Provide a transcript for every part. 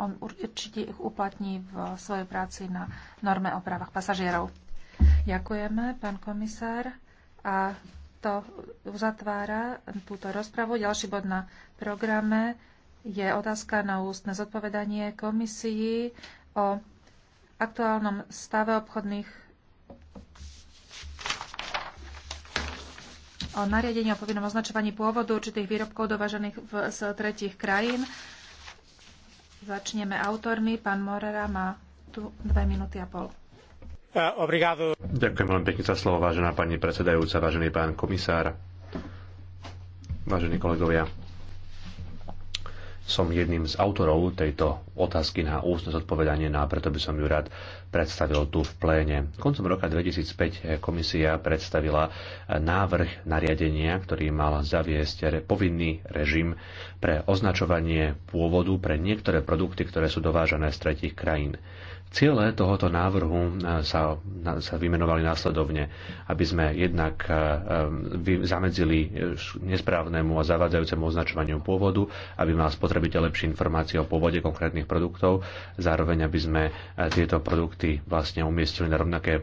on určite ich uplatní v svojej práci na norme o právach pasažierov. Ďakujeme, pán komisár. A to uzatvára túto rozpravu. Ďalší bod na programe je otázka na ústne zodpovedanie komisii o aktuálnom stave obchodných o nariadení o povinnom označovaní pôvodu určitých výrobkov dovažených z tretich krajín. Začneme autormi. Pán Morera má tu dve minúty a pol. Obrigado. Ďakujem veľmi pekne za slovo, vážená pani predsedajúca, vážený pán komisár, vážení kolegovia som jedným z autorov tejto otázky na ústne zodpovedanie no a preto by som ju rád predstavil tu v pléne. Koncom roka 2005 komisia predstavila návrh nariadenia, ktorý mal zaviesť povinný režim pre označovanie pôvodu pre niektoré produkty, ktoré sú dovážané z tretich krajín. Ciele tohoto návrhu e, sa, sa vymenovali následovne, aby sme jednak e, e, zamedzili nesprávnemu a zavádzajúcemu označovaniu pôvodu, aby mal spotrebiteľ lepšie informácie o pôvode konkrétnych produktov, zároveň aby sme tieto produkty vlastne umiestnili na rovnaké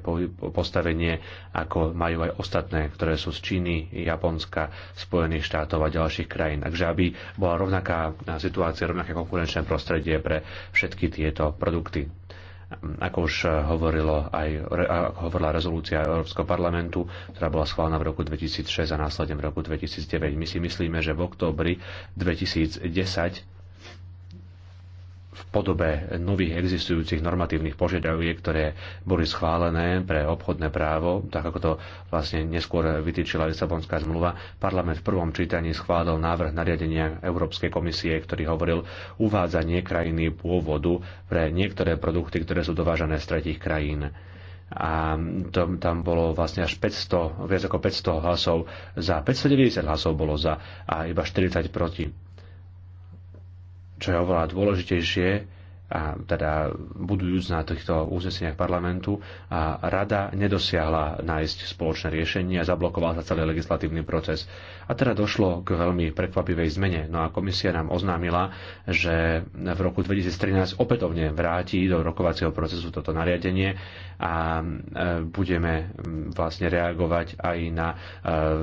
postavenie, ako majú aj ostatné, ktoré sú z Číny, Japonska, Spojených štátov a ďalších krajín. Takže aby bola rovnaká situácia, rovnaké konkurenčné prostredie pre všetky tieto produkty. Ako už hovorilo aj, ako hovorila rezolúcia Európskeho parlamentu, ktorá bola schválená v roku 2006 a následne v roku 2009, my si myslíme, že v októbri 2010 v podobe nových existujúcich normatívnych požiadaviek, ktoré boli schválené pre obchodné právo, tak ako to vlastne neskôr vytýčila Lisabonská zmluva. Parlament v prvom čítaní schválil návrh nariadenia Európskej komisie, ktorý hovoril uvádzanie krajiny pôvodu pre niektoré produkty, ktoré sú dovážané z tretich krajín a to, tam bolo vlastne až 500, viac ako 500 hlasov za, 590 hlasov bolo za a iba 40 proti čo je oveľa dôležitejšie, a teda budujúc na týchto uzneseniach parlamentu, a rada nedosiahla nájsť spoločné riešenie a zablokoval sa celý legislatívny proces. A teda došlo k veľmi prekvapivej zmene. No a komisia nám oznámila, že v roku 2013 opätovne vráti do rokovacieho procesu toto nariadenie a e, budeme vlastne reagovať aj na e,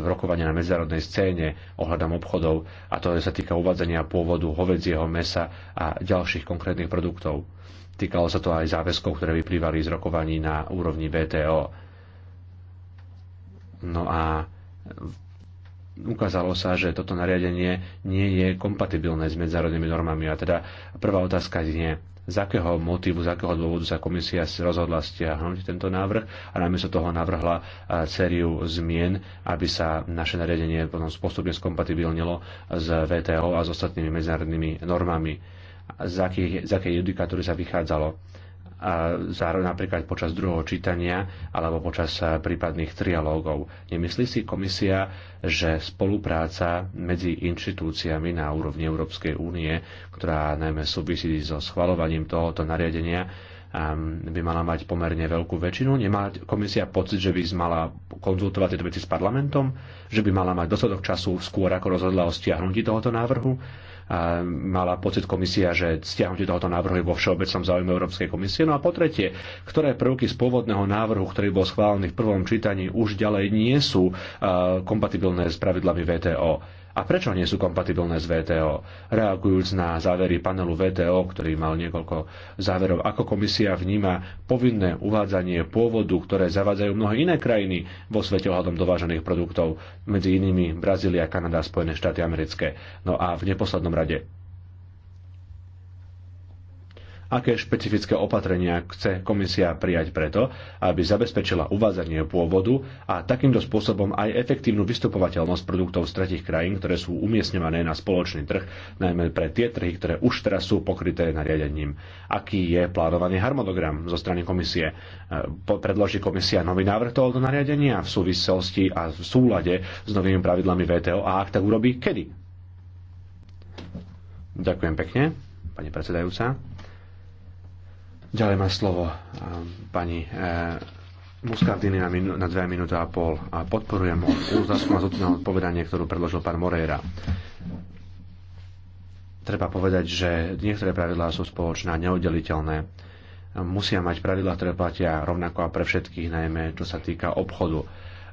rokovanie na medzinárodnej scéne ohľadom obchodov a to sa týka uvádzania pôvodu hovedzieho mesa a ďalších konkrétnych produktov produktov. Týkalo sa to aj záväzkov, ktoré vyplývali z rokovaní na úrovni VTO. No a ukázalo sa, že toto nariadenie nie je kompatibilné s medzárodnými normami. A teda prvá otázka znie, z akého motívu, z akého dôvodu sa komisia rozhodla stiahnuť tento návrh a namiesto toho navrhla sériu zmien, aby sa naše nariadenie potom postupne skompatibilnilo s VTO a s ostatnými medzinárodnými normami z akej, z akej judikatúry sa vychádzalo a zároveň napríklad počas druhého čítania alebo počas eh, prípadných trialógov. Nemyslí si komisia, že spolupráca medzi inštitúciami na úrovni Európskej únie, ktorá najmä súvisí so schvalovaním tohoto nariadenia, ehm, by mala mať pomerne veľkú väčšinu. Nemá komisia pocit, že by mala konzultovať tieto veci s parlamentom, že by mala mať dostatok času skôr, ako rozhodla o stiahnutí tohoto návrhu mala pocit komisia, že stiahnutie tohoto návrhu je vo všeobecnom záujme Európskej komisie. No a po tretie, ktoré prvky z pôvodného návrhu, ktorý bol schválený v prvom čítaní, už ďalej nie sú kompatibilné s pravidlami VTO a prečo nie sú kompatibilné s VTO. Reagujúc na závery panelu VTO, ktorý mal niekoľko záverov, ako komisia vníma povinné uvádzanie pôvodu, ktoré zavádzajú mnohé iné krajiny vo svete ohľadom dovážených produktov, medzi inými Brazília, Kanada, Spojené štáty americké. No a v neposlednom rade, aké špecifické opatrenia chce komisia prijať preto, aby zabezpečila uvádzanie pôvodu a takýmto spôsobom aj efektívnu vystupovateľnosť produktov z tretich krajín, ktoré sú umiestňované na spoločný trh, najmä pre tie trhy, ktoré už teraz sú pokryté nariadením. Aký je plánovaný harmonogram zo strany komisie? E, predloží komisia nový návrh tohoto nariadenia v súvislosti a v súlade s novými pravidlami VTO a ak tak urobí, kedy? Ďakujem pekne, pani predsedajúca. Ďalej má slovo eh, pani eh, Muscardini na, minu- na dve minúty a pol a podporujem Úzasku na zodpovedanie odpovedanie, ktorú predložil pán Moreira. Treba povedať, že niektoré pravidlá sú spoločné a neoddeliteľné. Musia mať pravidlá, ktoré platia rovnako a pre všetkých, najmä čo sa týka obchodu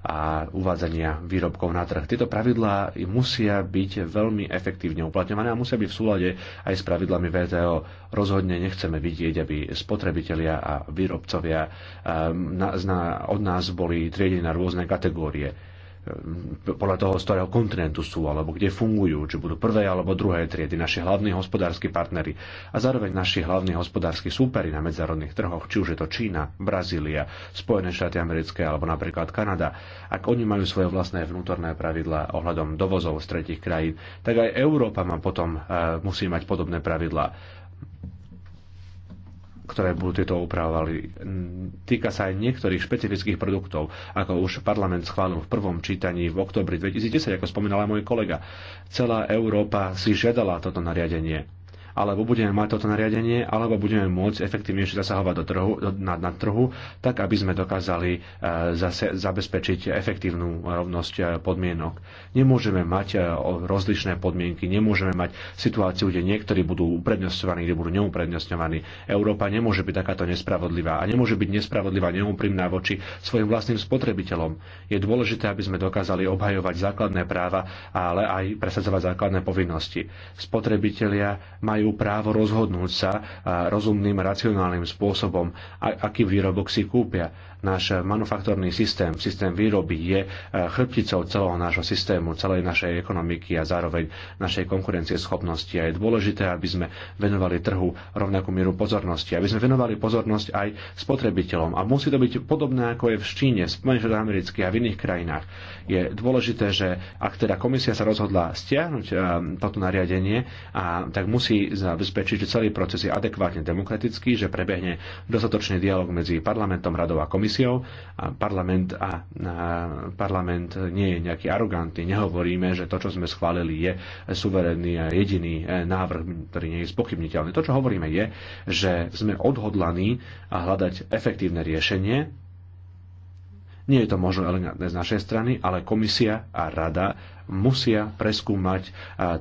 a uvádzania výrobkov na trh. Tieto pravidlá musia byť veľmi efektívne uplatňované a musia byť v súlade aj s pravidlami VTO. Rozhodne nechceme vidieť, aby spotrebitelia a výrobcovia ehm, od nás boli triedení na rôzne kategórie Eh, podľa toho, z ktorého kontinentu sú alebo kde fungujú, či budú prvé alebo druhé triedy naši hlavní hospodársky partnery a zároveň naši hlavní hospodársky súperi na medzinárodných trhoch, či už je to Čína, Brazília, Spojené štáty americké alebo napríklad Kanada. Ak oni majú svoje vlastné vnútorné pravidlá ohľadom dovozov z tretich krajín, tak aj Európa má potom, eh, musí mať podobné pravidlá ktoré budú tieto upravovali. Týka sa aj niektorých špecifických produktov, ako už parlament schválil v prvom čítaní v oktobri 2010, ako spomínala môj kolega. Celá Európa si žiadala toto nariadenie alebo budeme mať toto nariadenie, alebo budeme môcť efektívnejšie zasahovať do trhu, do, na, na trhu, tak aby sme dokázali e, zase, zabezpečiť efektívnu rovnosť e, podmienok. Nemôžeme mať e, rozlišné podmienky, nemôžeme mať situáciu, kde niektorí budú uprednostňovaní, kde budú neuprednostňovaní. Európa nemôže byť takáto nespravodlivá a nemôže byť nespravodlivá, neúprimná voči svojim vlastným spotrebiteľom. Je dôležité, aby sme dokázali obhajovať základné práva, ale aj presadzovať základné povinnosti. Spotrebitelia majú majú právo rozhodnúť sa rozumným, racionálnym spôsobom, aký výrobok si kúpia Náš manufaktúrny systém, systém výroby je e, chrbticou celého nášho systému, celej našej ekonomiky a zároveň našej konkurencieschopnosti. A je dôležité, aby sme venovali trhu rovnakú mieru pozornosti, aby sme venovali pozornosť aj spotrebiteľom. A musí to byť podobné, ako je v Číne, v Spojených a v iných krajinách. Je dôležité, že ak teda komisia sa rozhodla stiahnuť e, toto nariadenie, a tak musí zabezpečiť, že celý proces je adekvátne demokratický, že prebehne dostatočný dialog medzi parlamentom, radou a komisiou komisiou a parlament, a, a parlament nie je nejaký arogantný. Nehovoríme, že to, čo sme schválili, je suverénny a jediný e, návrh, ktorý nie je spochybniteľný. To, čo hovoríme, je, že sme odhodlaní a hľadať efektívne riešenie nie je to možno elegantné z našej strany, ale komisia a rada musia preskúmať e,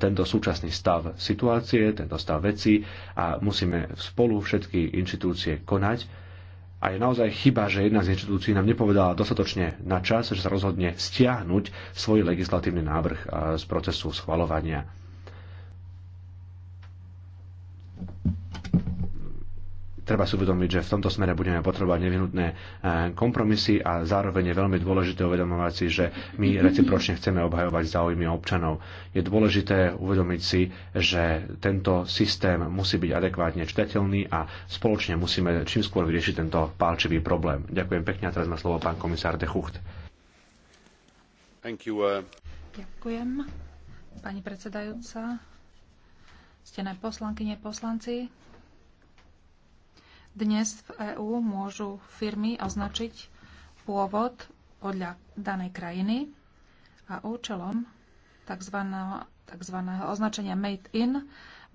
tento súčasný stav situácie, tento stav veci a musíme spolu všetky inštitúcie konať a je naozaj chyba, že jedna z inštitúcií nám nepovedala dostatočne na čas, že sa rozhodne stiahnuť svoj legislatívny návrh eh, z procesu schvalovania. treba si uvedomiť, že v tomto smere budeme potrebovať nevyhnutné e, kompromisy a zároveň je veľmi dôležité uvedomovať si, že my recipročne chceme obhajovať záujmy občanov. Je dôležité uvedomiť si, že tento systém musí byť adekvátne čtateľný a spoločne musíme čím skôr vyriešiť tento pálčivý problém. Ďakujem pekne a teraz má slovo pán komisár de Chucht. Thank you, uh... Ďakujem, pani predsedajúca. Ste poslankyne, poslanci, dnes v EÚ môžu firmy označiť pôvod podľa danej krajiny a účelom tzv. tzv. označenia Made in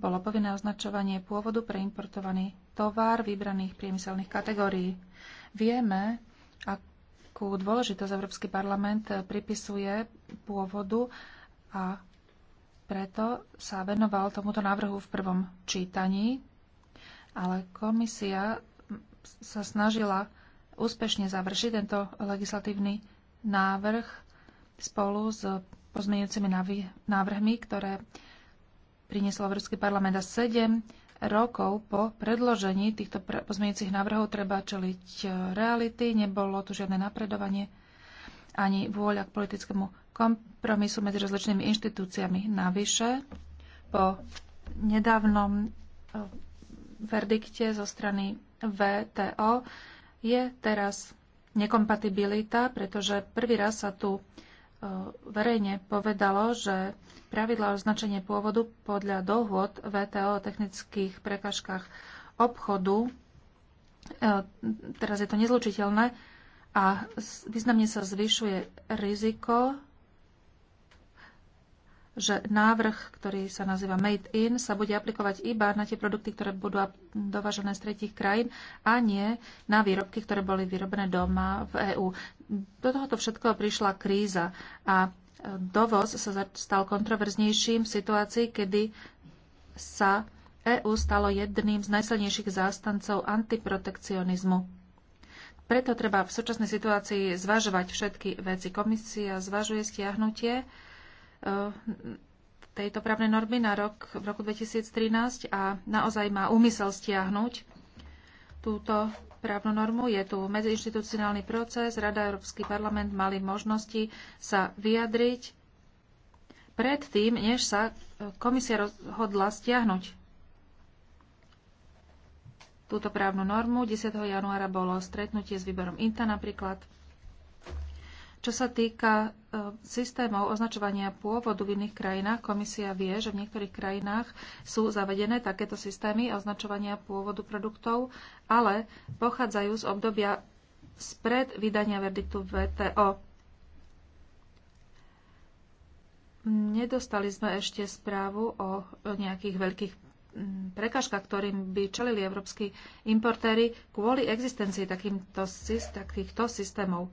bolo povinné označovanie pôvodu pre importovaný tovar vybraných priemyselných kategórií. Vieme, akú dôležitosť Európsky parlament pripisuje pôvodu a preto sa venoval tomuto návrhu v prvom čítaní ale komisia sa snažila úspešne završiť tento legislatívny návrh spolu s pozmeňujúcimi návrhmi, ktoré priniesol Európsky parlament a 7 rokov po predložení týchto pozmeňujúcich návrhov treba čeliť e, reality. Nebolo tu žiadne napredovanie ani vôľa k politickému kompromisu medzi rozličnými inštitúciami. Navyše, po nedávnom e, verdikte zo strany VTO je teraz nekompatibilita, pretože prvý raz sa tu e, verejne povedalo, že pravidla označenie pôvodu podľa dohôd VTO o technických prekažkách obchodu, e, teraz je to nezlučiteľné a významne sa zvyšuje riziko že návrh, ktorý sa nazýva Made in, sa bude aplikovať iba na tie produkty, ktoré budú dovážené z tretich krajín a nie na výrobky, ktoré boli vyrobené doma v EÚ. Do tohoto všetkého prišla kríza a e, dovoz sa stal kontroverznejším v situácii, kedy sa EÚ stalo jedným z najsilnejších zástancov antiprotekcionizmu. Preto treba v súčasnej situácii zvažovať všetky veci. Komisia zvažuje stiahnutie E, tejto právnej normy na rok, v roku 2013 a naozaj má úmysel stiahnuť túto právnu normu. Je tu medziinstitucionálny proces, Rada Európsky parlament mali možnosti sa vyjadriť predtým, než sa e, komisia rozhodla stiahnuť túto právnu normu. 10. januára bolo stretnutie s výborom INTA napríklad. Čo sa týka e, systémov označovania pôvodu v iných krajinách, komisia vie, že v niektorých krajinách sú zavedené takéto systémy označovania pôvodu produktov, ale pochádzajú z obdobia spred vydania verdiktu VTO. Nedostali sme ešte správu o nejakých veľkých prekažkách, ktorým by čelili európsky importéry kvôli existencii takýchto systémov.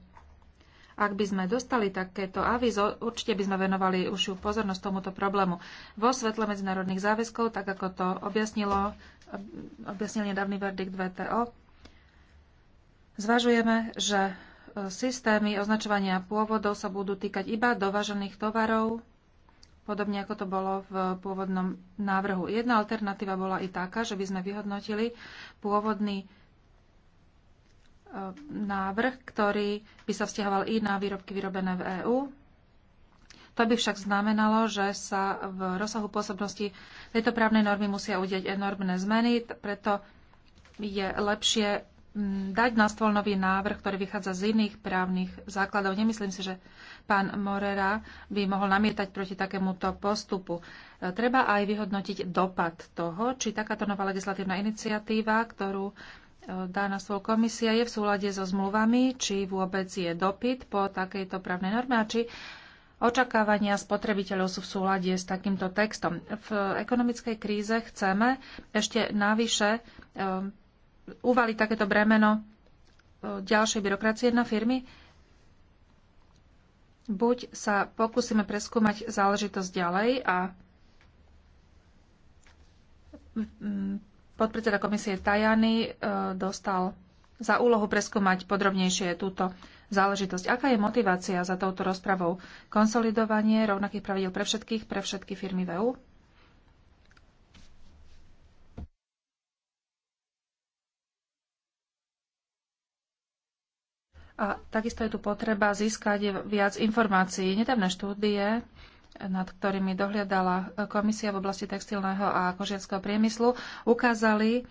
Ak by sme dostali takéto avizo, určite by sme venovali užšiu pozornosť tomuto problému. Vo svetle medzinárodných záväzkov, tak ako to objasnilo, objasnil nedávny verdikt VTO, zvažujeme, že e, systémy označovania pôvodov sa budú týkať iba dovažených tovarov, podobne ako to bolo v pôvodnom návrhu. Jedna alternatíva bola i taká, že by sme vyhodnotili pôvodný návrh, ktorý by sa vzťahoval i na výrobky vyrobené v EÚ. To by však znamenalo, že sa v rozsahu pôsobnosti tejto právnej normy musia udiať enormné zmeny, preto je lepšie mm, dať na stôl nový návrh, ktorý vychádza z iných právnych základov. Nemyslím si, že pán Morera by mohol namietať proti takémuto postupu. Treba aj vyhodnotiť dopad toho, či takáto nová legislatívna iniciatíva, ktorú E, Dána svoj komisia, je v súlade so zmluvami, či vôbec je dopyt po takejto právnej norme a či očakávania spotrebiteľov sú v súlade s takýmto textom. V ekonomickej kríze chceme ešte navyše e, uvaliť takéto bremeno e, ďalšej byrokracie na firmy. Buď sa pokúsime preskúmať záležitosť ďalej a podpredseda komisie Tajany e, dostal za úlohu preskúmať podrobnejšie túto záležitosť. Aká je motivácia za touto rozpravou? Konsolidovanie rovnakých pravidel pre všetkých, pre všetky firmy v EU? A takisto je tu potreba získať viac informácií. Nedávne štúdie nad ktorými dohliadala komisia v oblasti textilného a kožiarského priemyslu, ukázali,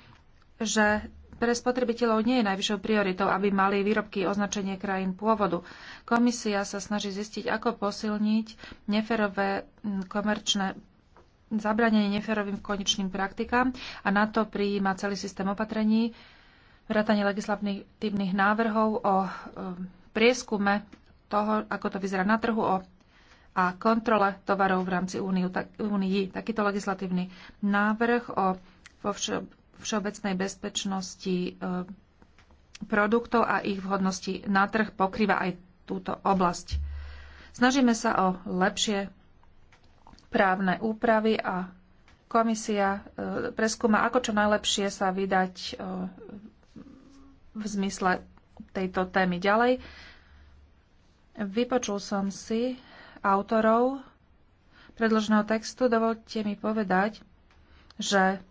že pre spotrebiteľov nie je najvyššou prioritou, aby mali výrobky označenie krajín pôvodu. Komisia sa snaží zistiť, ako posilniť neferové komerčné zabranenie neferovým konečným praktikám a na to prijíma celý systém opatrení, vrátanie legislatívnych návrhov o e, prieskume toho, ako to vyzerá na trhu, o a kontrole tovarov v rámci únii. tak, Takýto legislatívny návrh o vo vše, všeobecnej bezpečnosti e, produktov a ich vhodnosti na trh pokrýva aj túto oblasť. Snažíme sa o lepšie právne úpravy a komisia e, preskúma, ako čo najlepšie sa vydať e, v zmysle tejto témy ďalej. Vypočul som si autorov predloženého textu, dovolte mi povedať, že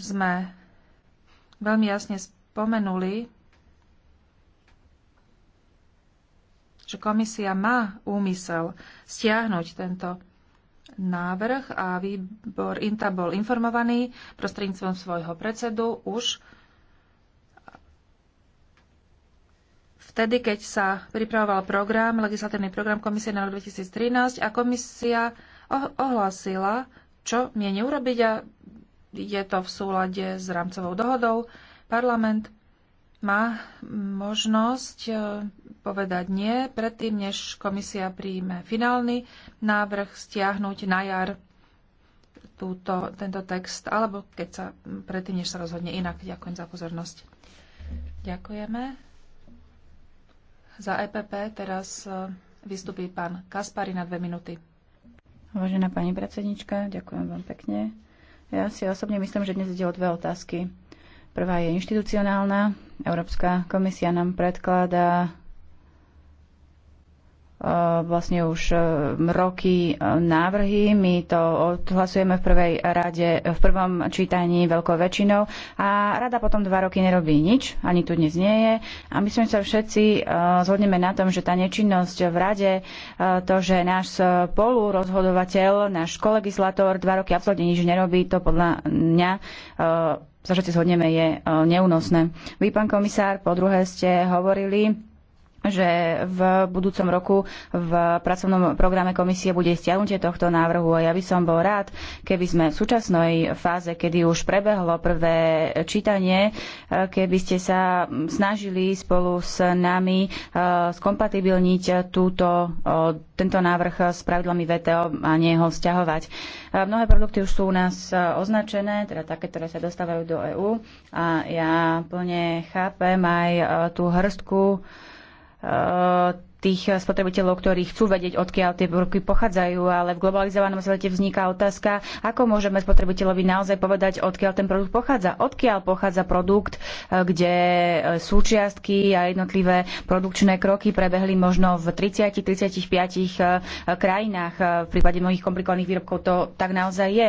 sme veľmi jasne spomenuli, že komisia má úmysel stiahnuť tento návrh a výbor INTA bol informovaný prostredníctvom svojho predsedu už vtedy, keď sa pripravoval program, legislatívny program Komisie na rok 2013 a komisia ohlásila, čo mieni urobiť a je to v súlade s rámcovou dohodou. Parlament má možnosť e, povedať nie predtým, než komisia príjme finálny návrh stiahnuť na jar túto, tento text, alebo keď sa predtým, než sa rozhodne inak. Ďakujem za pozornosť. Ďakujeme. Za EPP teraz e, vystupí pán Kaspari na dve minúty. Vážená pani predsednička, ďakujem vám pekne. Ja si osobne myslím, že dnes ide o dve otázky. Prvá je inštitucionálna. Európska komisia nám predkladá E, vlastne už e, roky e, návrhy. My to odhlasujeme v prvej rade, v prvom čítaní veľkou väčšinou a rada potom dva roky nerobí nič, ani tu dnes nie je. A my sme sa všetci zhodneme na tom, že tá nečinnosť v rade, to, že náš spolurozhodovateľ, náš kolegislator dva roky absolútne nič nerobí, to podľa mňa sa všetci zhodneme, je neúnosné. Vy, pán komisár, po druhé ste hovorili, že v budúcom roku v pracovnom programe komisie bude stiahnutie tohto návrhu a ja by som bol rád, keby sme v súčasnej fáze, kedy už prebehlo prvé čítanie, e, keby ste sa snažili spolu s nami e, skompatibilniť túto, e, tento návrh s pravidlami VTO a nie ho stiahovať. Mnohé produkty už sú u nás označené, teda také, ktoré sa dostávajú do EÚ a ja plne chápem aj tú hrstku E, tých spotrebiteľov, ktorí chcú vedieť, odkiaľ tie výrobky pochádzajú, ale v globalizovanom svete vzniká otázka, ako môžeme spotrebiteľovi naozaj povedať, odkiaľ ten produkt pochádza. Odkiaľ pochádza produkt, e, kde e, súčiastky a jednotlivé produkčné kroky prebehli možno v 30-35 krajinách. V prípade mnohých komplikovaných výrobkov to tak naozaj je.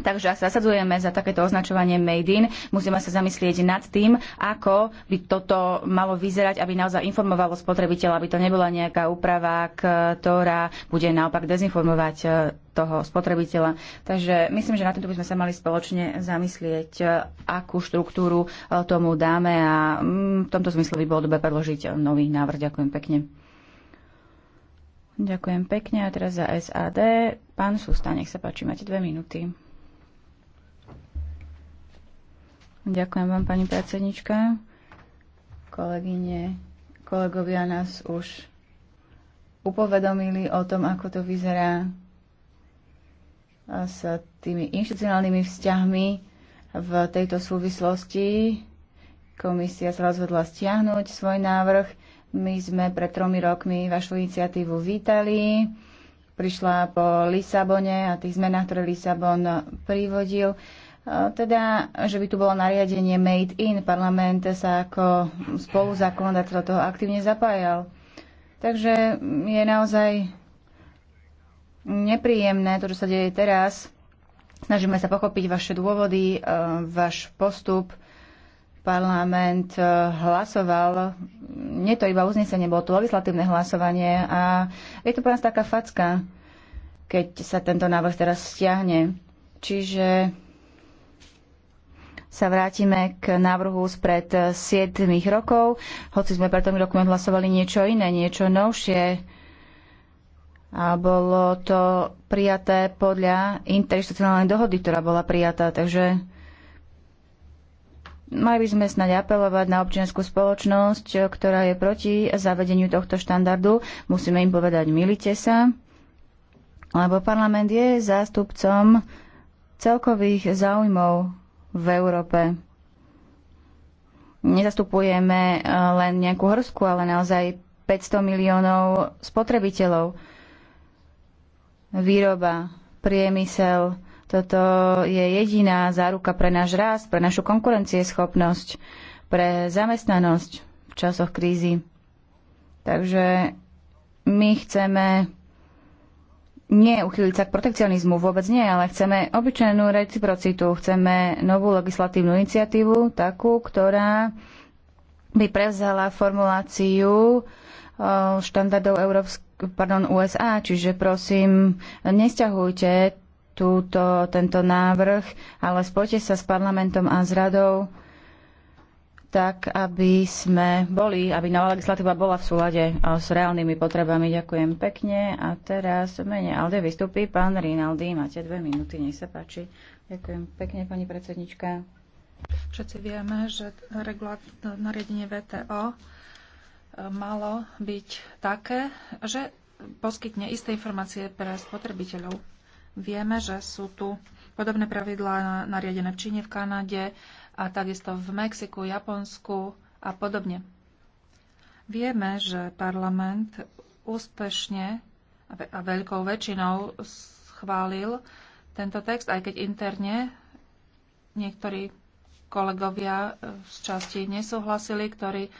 Takže ak zasadzujeme za takéto označovanie Made in, musíme sa zamyslieť nad tým, ako by toto malo vyzerať, aby naozaj informovalo spotrebiteľa, aby to nebola nejaká úprava, ktorá bude naopak dezinformovať e, toho spotrebiteľa. Takže myslím, že na tomto by sme sa mali spoločne zamyslieť, e, akú štruktúru e, tomu dáme a mm, v tomto zmysle by bolo dobre predložiť nový návrh. Ďakujem pekne. Ďakujem pekne a teraz za SAD. Pán Sústa, nech sa páči, máte dve minúty. Ďakujem vám, pani predsednička. Kolegyne, kolegovia nás už upovedomili o tom, ako to vyzerá s tými inštitucionálnymi vzťahmi v tejto súvislosti. Komisia sa rozhodla stiahnuť svoj návrh. My sme pred tromi rokmi vašu iniciatívu vítali. Prišla po Lisabone a tých zmenách, ktoré Lisabon privodil teda, že by tu bolo nariadenie made in. Parlament sa ako spoluzákonodateľ toho aktívne zapájal. Takže je naozaj nepríjemné to, čo sa deje teraz. Snažíme sa pochopiť vaše dôvody, e, váš postup. Parlament e, hlasoval, nie to iba uznesenie, bolo to legislatívne hlasovanie a je to pre nás taká facka, keď sa tento návrh teraz stiahne. Čiže sa vrátime k návrhu spred 7 rokov, hoci sme pre ten dokument hlasovali niečo iné, niečo novšie. A bolo to prijaté podľa interinstitucionálnej dohody, ktorá bola prijatá, takže mali by sme snáď apelovať na občianskú spoločnosť, ktorá je proti zavedeniu tohto štandardu. Musíme im povedať, milite sa, lebo parlament je zástupcom celkových záujmov v Európe. Nezastupujeme eh, len nejakú horsku, ale naozaj 500 miliónov spotrebiteľov. Výroba, priemysel, toto je jediná záruka pre náš rast, pre našu konkurencieschopnosť, pre zamestnanosť v časoch krízy. Takže my chceme nie uchyliť sa k protekcionizmu, vôbec nie, ale chceme obyčajnú reciprocitu, chceme novú legislatívnu iniciatívu, takú, ktorá by prevzala formuláciu eh, štandardov Európsk- pardon, USA, čiže prosím, nesťahujte túto, tento návrh, ale spojte sa s parlamentom a s radou tak aby sme boli, aby nová legislatíva bola v súlade eh, s reálnymi potrebami. Ďakujem pekne. A teraz v mene Alde vystúpi pán Rinaldi. Máte dve minúty, nech sa páči. Ďakujem pekne, pani predsednička. Všetci vieme, že nariadenie VTO eh, malo byť také, že poskytne isté informácie pre spotrebiteľov. Vieme, že sú tu podobné pravidlá nariadené v Číne, v Kanade, a takisto v Mexiku, Japonsku a podobne. Vieme, že parlament úspešne a veľkou väčšinou schválil tento text, aj keď interne niektorí kolegovia z časti nesúhlasili, ktorí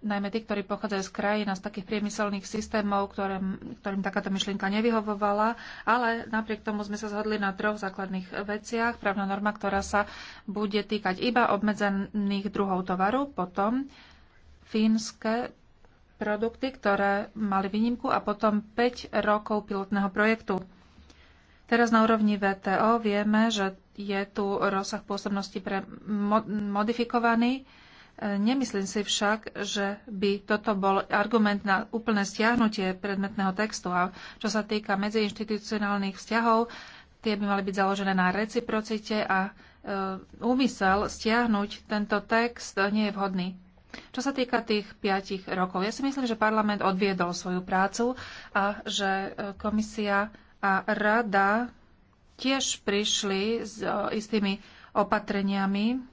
najmä tí, ktorí pochádzajú z krajín a z takých priemyselných systémov, ktorým, ktorým takáto myšlienka nevyhovovala, ale napriek tomu sme sa zhodli na troch základných veciach. Právna norma, ktorá sa bude týkať iba obmedzených druhov tovaru, potom fínske produkty, ktoré mali výnimku a potom 5 rokov pilotného projektu. Teraz na úrovni VTO vieme, že je tu rozsah pôsobnosti pre modifikovaný Nemyslím si však, že by toto bol argument na úplné stiahnutie predmetného textu. A čo sa týka medziinštitucionálnych vzťahov, tie by mali byť založené na reciprocite a e, úmysel stiahnuť tento text nie je vhodný. Čo sa týka tých piatich rokov, ja si myslím, že parlament odviedol svoju prácu a že e, komisia a rada tiež prišli s e, istými opatreniami,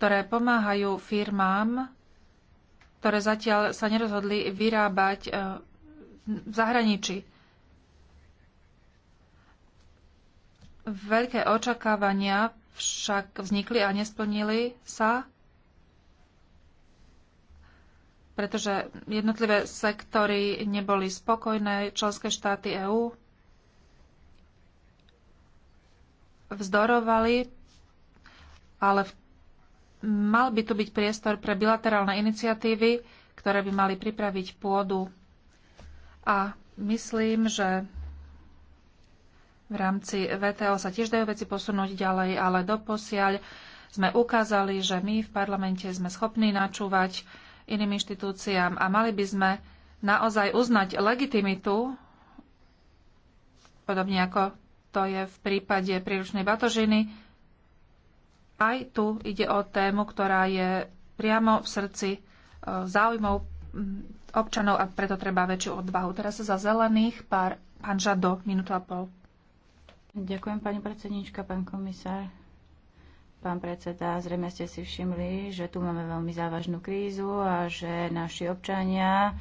ktoré pomáhajú firmám, ktoré zatiaľ sa nerozhodli vyrábať e, v zahraničí. Veľké očakávania však vznikli a nesplnili sa, pretože jednotlivé sektory neboli spokojné, členské štáty EÚ vzdorovali, ale v Mal by tu byť priestor pre bilaterálne iniciatívy, ktoré by mali pripraviť pôdu. A myslím, že v rámci VTO sa tiež dajú veci posunúť ďalej, ale doposiaľ sme ukázali, že my v parlamente sme schopní načúvať iným inštitúciám a mali by sme naozaj uznať legitimitu, podobne ako to je v prípade príručnej batožiny, aj tu ide o tému, ktorá je priamo v srdci e, záujmov mm, občanov a preto treba väčšiu odvahu. Teraz sa za zelených pár, pán Žado, minútu a pol. Ďakujem, pani predsednička, pán komisár. Pán predseda, zrejme ste si všimli, že tu máme veľmi závažnú krízu a že naši občania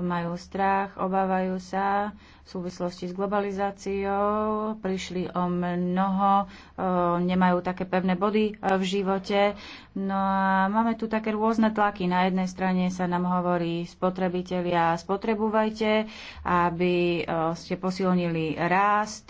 majú strach, obávajú sa v súvislosti s globalizáciou, prišli o mnoho, nemajú také pevné body e, v živote. No a máme tu také rôzne tlaky. Na jednej strane sa nám hovorí spotrebitelia, spotrebujte, aby e, ste posilnili rast,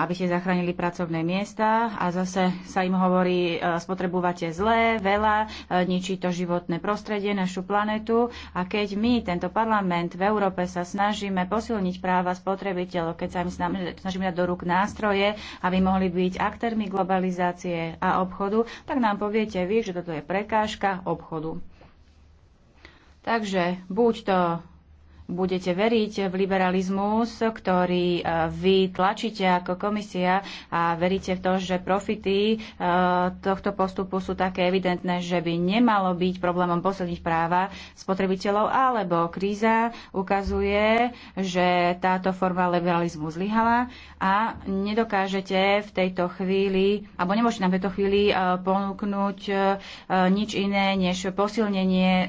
aby ste zachránili pracovné miesta a zase sa im hovorí, e, spotrebujete zlé, veľa, e, ničí to životné prostredie, našu planetu a keď my, tento parlament v Európe sa snažíme posilniť práva spotrebiteľov, keď sa im snažíme dať do rúk nástroje, aby mohli byť aktérmi globalizácie a obchodu, tak nám poviete vy, že toto je prekážka obchodu. Takže buď to budete veriť v liberalizmus, ktorý e, vy tlačíte ako komisia a veríte v to, že profity e, tohto postupu sú také evidentné, že by nemalo byť problémom posledných práva spotrebiteľov, alebo kríza ukazuje, že táto forma liberalizmu zlyhala a nedokážete v tejto chvíli, alebo nemôžete nám v tejto chvíli e, ponúknuť nič iné než posilnenie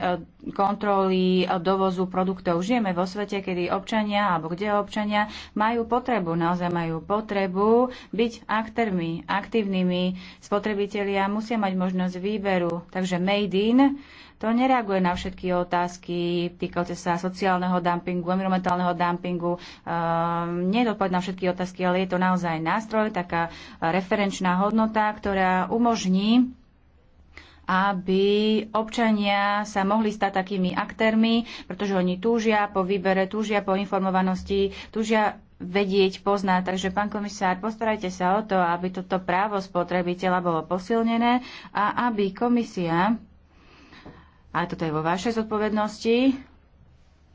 kontroly dovozu produktov. Žijeme vo svete, kedy občania, alebo kde občania majú potrebu, naozaj majú potrebu byť aktérmi, aktívnymi. Spotrebitelia musia mať možnosť výberu. Takže made in to nereaguje na všetky otázky týkajúce sa sociálneho dumpingu, environmentálneho dumpingu. Um, nie je to na všetky otázky, ale je to naozaj nástroj, taká referenčná hodnota, ktorá umožní aby občania sa mohli stať takými aktérmi, pretože oni túžia po výbere, túžia po informovanosti, túžia vedieť, poznať. Takže, pán komisár, postarajte sa o to, aby toto právo spotrebiteľa bolo posilnené a aby komisia, a toto je vo vašej zodpovednosti,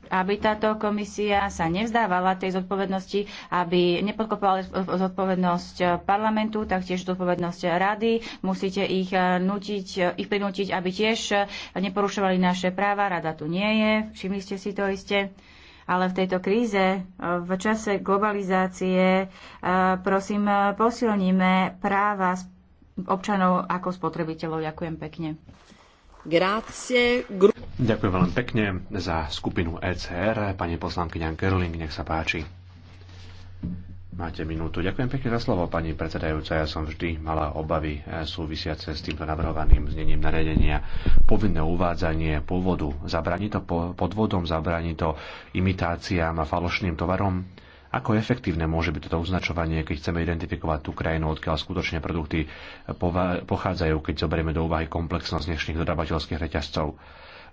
aby táto komisia sa nevzdávala tej zodpovednosti, aby nepodkopala zodpovednosť parlamentu, taktiež zodpovednosť rady. Musíte ich, eh, nutiť, eh, ich prinútiť, aby tiež eh, neporušovali naše práva. Rada tu nie je, všimli ste si to iste. Ale v tejto kríze, v čase globalizácie, prosím, posilníme práva občanov ako spotrebiteľov. Ďakujem pekne. Grazie. Gru... Ďakujem veľmi pekne za skupinu ECR. Pani poslankyňa Kerling, nech sa páči. Máte minútu. Ďakujem pekne za slovo, pani predsedajúca. Ja som vždy mala obavy e, súvisiace s týmto navrhovaným znením nariadenia. Povinné uvádzanie pôvodu. Zabraní to podvodom, zabraní to imitáciám a falošným tovarom ako efektívne môže byť toto označovanie, keď chceme identifikovať tú krajinu, odkiaľ skutočne produkty pochádzajú, keď zoberieme do úvahy komplexnosť dnešných dodávateľských reťazcov?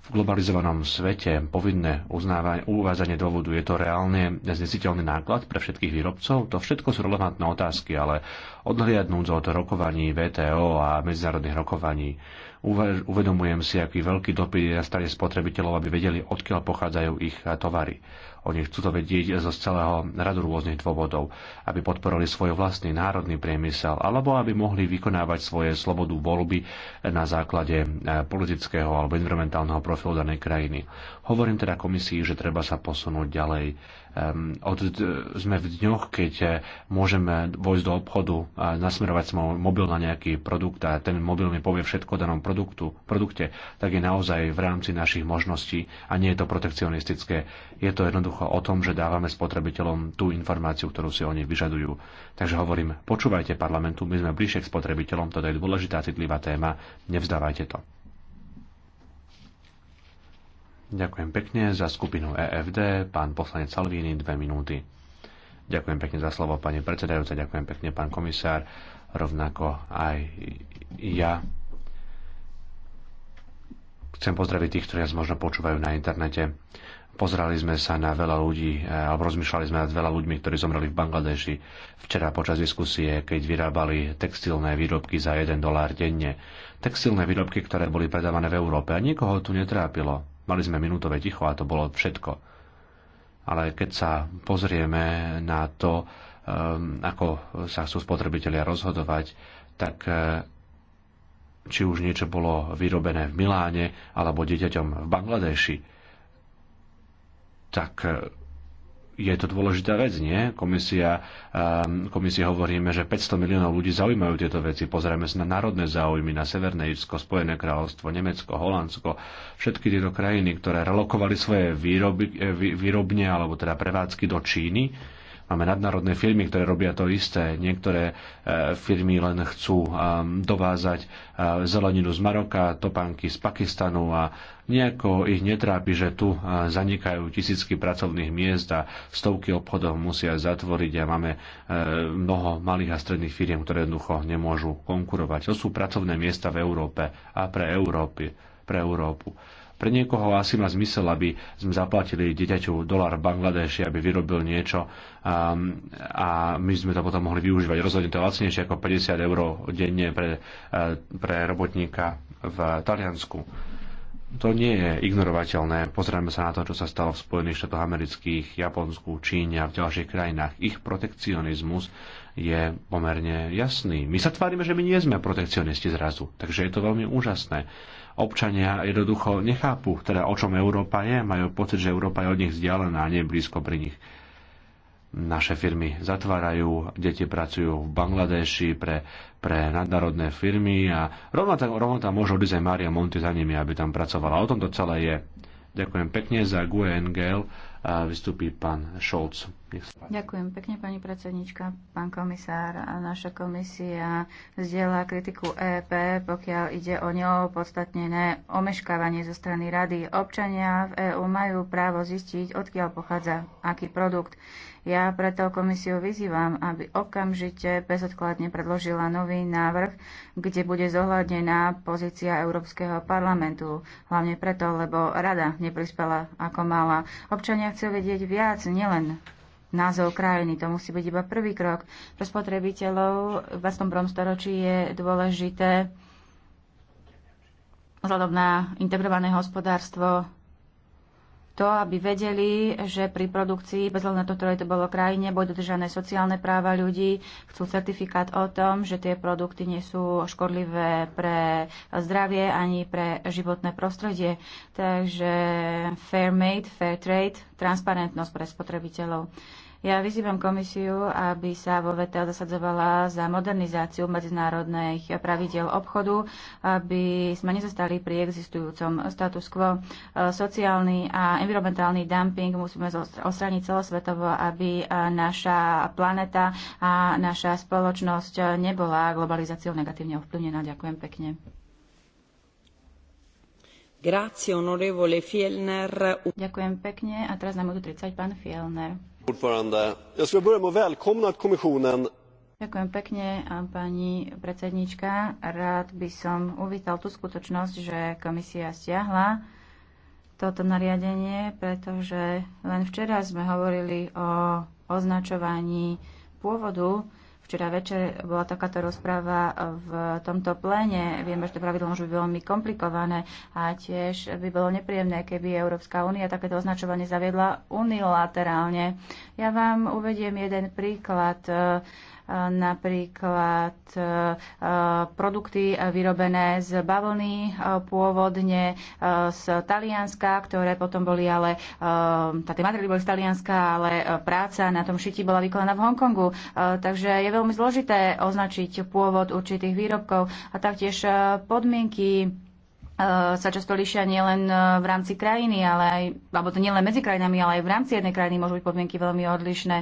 v globalizovanom svete povinné uvádzanie dôvodu, je to reálne znesiteľný náklad pre všetkých výrobcov? To všetko sú relevantné otázky, ale odhliadnúť od rokovaní VTO a medzinárodných rokovaní, uvedomujem si, aký veľký dopyt je na strane spotrebiteľov, aby vedeli, odkiaľ pochádzajú ich tovary. Oni chcú to vedieť zo celého radu rôznych dôvodov, aby podporili svoj vlastný národný priemysel, alebo aby mohli vykonávať svoje slobodu voľby na základe eh, politického alebo environmentálneho profilu danej krajiny. Hovorím teda komisii, že treba sa posunúť ďalej. Um, od, e, sme v dňoch, keď e, môžeme vojsť do obchodu a nasmerovať mobil na nejaký produkt a ten mobil mi povie všetko o danom produktu, produkte, tak je naozaj v rámci našich možností a nie je to protekcionistické. Je to jednoducho o tom, že dávame spotrebiteľom tú informáciu, ktorú si oni vyžadujú. Takže hovorím, počúvajte parlamentu, my sme bližšie k spotrebiteľom, toto je dôležitá citlivá téma, nevzdávajte to. Ďakujem pekne za skupinu EFD. Pán poslanec Salvini, dve minúty. Ďakujem pekne za slovo, pani predsedajúca, ďakujem pekne, pán komisár. Rovnako aj ja chcem pozdraviť tých, ktorí nás možno počúvajú na internete. Pozerali sme sa na veľa ľudí, eh, alebo rozmýšľali sme nad veľa ľuďmi, ktorí zomreli v Bangladeši včera počas diskusie, keď vyrábali textilné výrobky za 1 dolár denne. Textilné výrobky, ktoré boli predávané v Európe a nikoho tu netrápilo. Mali sme minútové ticho a to bolo všetko. Ale keď sa pozrieme na to, um, ako sa chcú spotrebitelia rozhodovať, tak uh, či už niečo bolo vyrobené v Miláne alebo dieťaťom v Bangladeši, tak uh, je to dôležitá vec, nie? Komisia, ehm, komisia hovoríme, že 500 miliónov ľudí zaujímajú tieto veci. Pozrieme sa na národné záujmy, na Severné Irsko, Spojené kráľovstvo, Nemecko, Holandsko, všetky tieto krajiny, ktoré relokovali svoje výroby, e, výrobne alebo teda prevádzky do Číny Máme nadnárodné firmy, ktoré robia to isté. Niektoré e, firmy len chcú e, dovázať e, zeleninu z Maroka, topánky z Pakistanu a nejako ich netrápi, že tu zanikajú tisícky pracovných miest a stovky obchodov musia zatvoriť a máme mnoho malých a stredných firiem, ktoré jednoducho nemôžu konkurovať. To sú pracovné miesta v Európe a pre, Európy, pre Európu. Pre niekoho asi má zmysel, aby sme zaplatili dieťaťu dolar v Bangladeši, aby vyrobil niečo a, um, a my sme to potom mohli využívať. Rozhodne to je lacnejšie ako 50 eur denne pre, uh, pre robotníka v Taliansku. To nie je ignorovateľné. Pozrieme sa na to, čo sa stalo v Spojených štátoch amerických, Japonsku, Číne a v ďalších krajinách. Ich protekcionizmus je pomerne jasný. My sa tvárime, že my nie sme protekcionisti zrazu, takže je to veľmi úžasné občania jednoducho nechápu, teda o čom Európa je, majú pocit, že Európa je od nich vzdialená a nie blízko pri nich. Naše firmy zatvárajú, deti pracujú v Bangladeši pre, pre nadnárodné firmy a rovno tam, rovno tam môžu odísť aj Mária Monty za nimi, aby tam pracovala. O tomto celé je Ďakujem pekne za GUE NGL a vystupí pán Šolc. Ďakujem pekne, pani predsednička, pán komisár. Naša komisia zdieľa kritiku EP, pokiaľ ide o neopodstatnené omeškávanie zo strany rady. Občania v EÚ majú právo zistiť, odkiaľ pochádza aký produkt. Ja preto komisiu vyzývam, aby okamžite bezodkladne predložila nový návrh, kde bude zohľadnená pozícia Európskeho parlamentu. Hlavne preto, lebo rada neprispela ako mala. Občania chcú vedieť viac, nielen názov krajiny. To musí byť iba prvý krok. Pre spotrebiteľov v 21. storočí je dôležité vzhľadom na integrované hospodárstvo to, aby vedeli, že pri produkcii, bez hľadu na to, ktoré to bolo krajine, budú dodržané sociálne práva ľudí, chcú certifikát o tom, že tie produkty nie sú škodlivé pre zdravie ani pre životné prostredie. Takže fair made, fair trade, transparentnosť pre spotrebiteľov. Ja vyzývam komisiu, aby sa vo VTO zasadzovala za modernizáciu medzinárodných pravidel obchodu, aby sme nezostali pri existujúcom status quo. Sociálny a environmentálny dumping musíme osraniť celosvetovo, aby naša planeta a naša spoločnosť nebola globalizáciou negatívne ovplyvnená. Ďakujem pekne. Grazie, Ďakujem pekne. A teraz na minútu 30 pán Fielner. Ďakujem pekne, pani predsednička. Rád by som uvítal tú skutočnosť, že komisia stiahla toto nariadenie, pretože len včera sme hovorili o označovaní pôvodu Včera večer bola takáto rozpráva v tomto pléne. Vieme, že to pravidlo môže byť veľmi komplikované a tiež by bolo nepríjemné, keby Európska únia takéto označovanie zaviedla unilaterálne. Ja vám uvediem jeden príklad napríklad e, e, produkty vyrobené z bavlny e, pôvodne z Talianska, ktoré potom boli ale, tie materiály boli z Talianska, ale práca na tom šiti bola vykonaná v Hongkongu. Takže je veľmi zložité označiť pôvod určitých výrobkov a taktiež podmienky sa často líšia nielen v rámci krajiny, ale aj, alebo to nielen medzi krajinami, ale aj v rámci jednej krajiny môžu byť podmienky veľmi odlišné.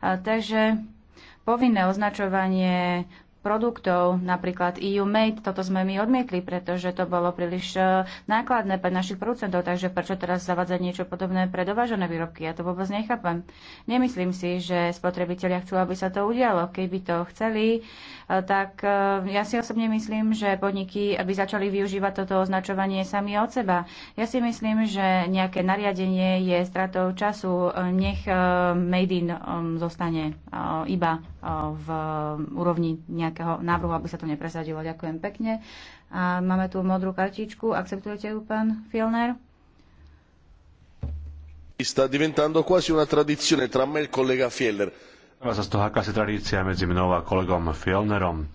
Takže povinné označovanie produktov, napríklad EU Made, toto sme my odmietli, pretože to bolo príliš e, nákladné pre našich producentov, takže prečo teraz zavádzať niečo podobné pre dovážené výrobky? Ja to vôbec nechápem. Nemyslím si, že spotrebitelia chcú, aby sa to udialo. Keby to chceli, e, tak e, ja si osobne myslím, že podniky by začali využívať toto označovanie sami od seba. Ja si myslím, že nejaké nariadenie je stratou času, nech Made in zostane iba v um, úrovni nejakého návrhu, aby sa to nepresadilo. Ďakujem pekne. A máme tu modrú kartičku. Akceptujete ju, pán Filner? Sta diventando quasi una tradizione tra me e il collega Fieller Vytvára sa z toho akási tradícia medzi mnou a kolegom Fielnerom.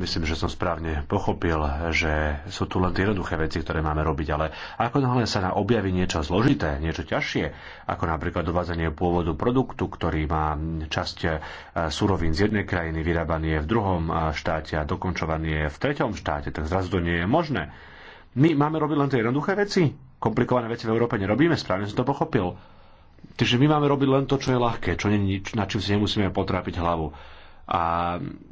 Myslím, že som správne pochopil, že sú tu len tie jednoduché veci, ktoré máme robiť, ale ako náhle sa nám objaví niečo zložité, niečo ťažšie, ako napríklad dovádzanie pôvodu produktu, ktorý má časť e, surovín z jednej krajiny, vyrábanie v druhom e, štáte a dokončovanie v treťom štáte, tak zrazu to nie je možné. My máme robiť len tie jednoduché veci? Komplikované veci v Európe nerobíme, správne som to pochopil. Čiže my máme robiť len to, čo je ľahké, čo nie, na čím si nemusíme potrápiť hlavu. A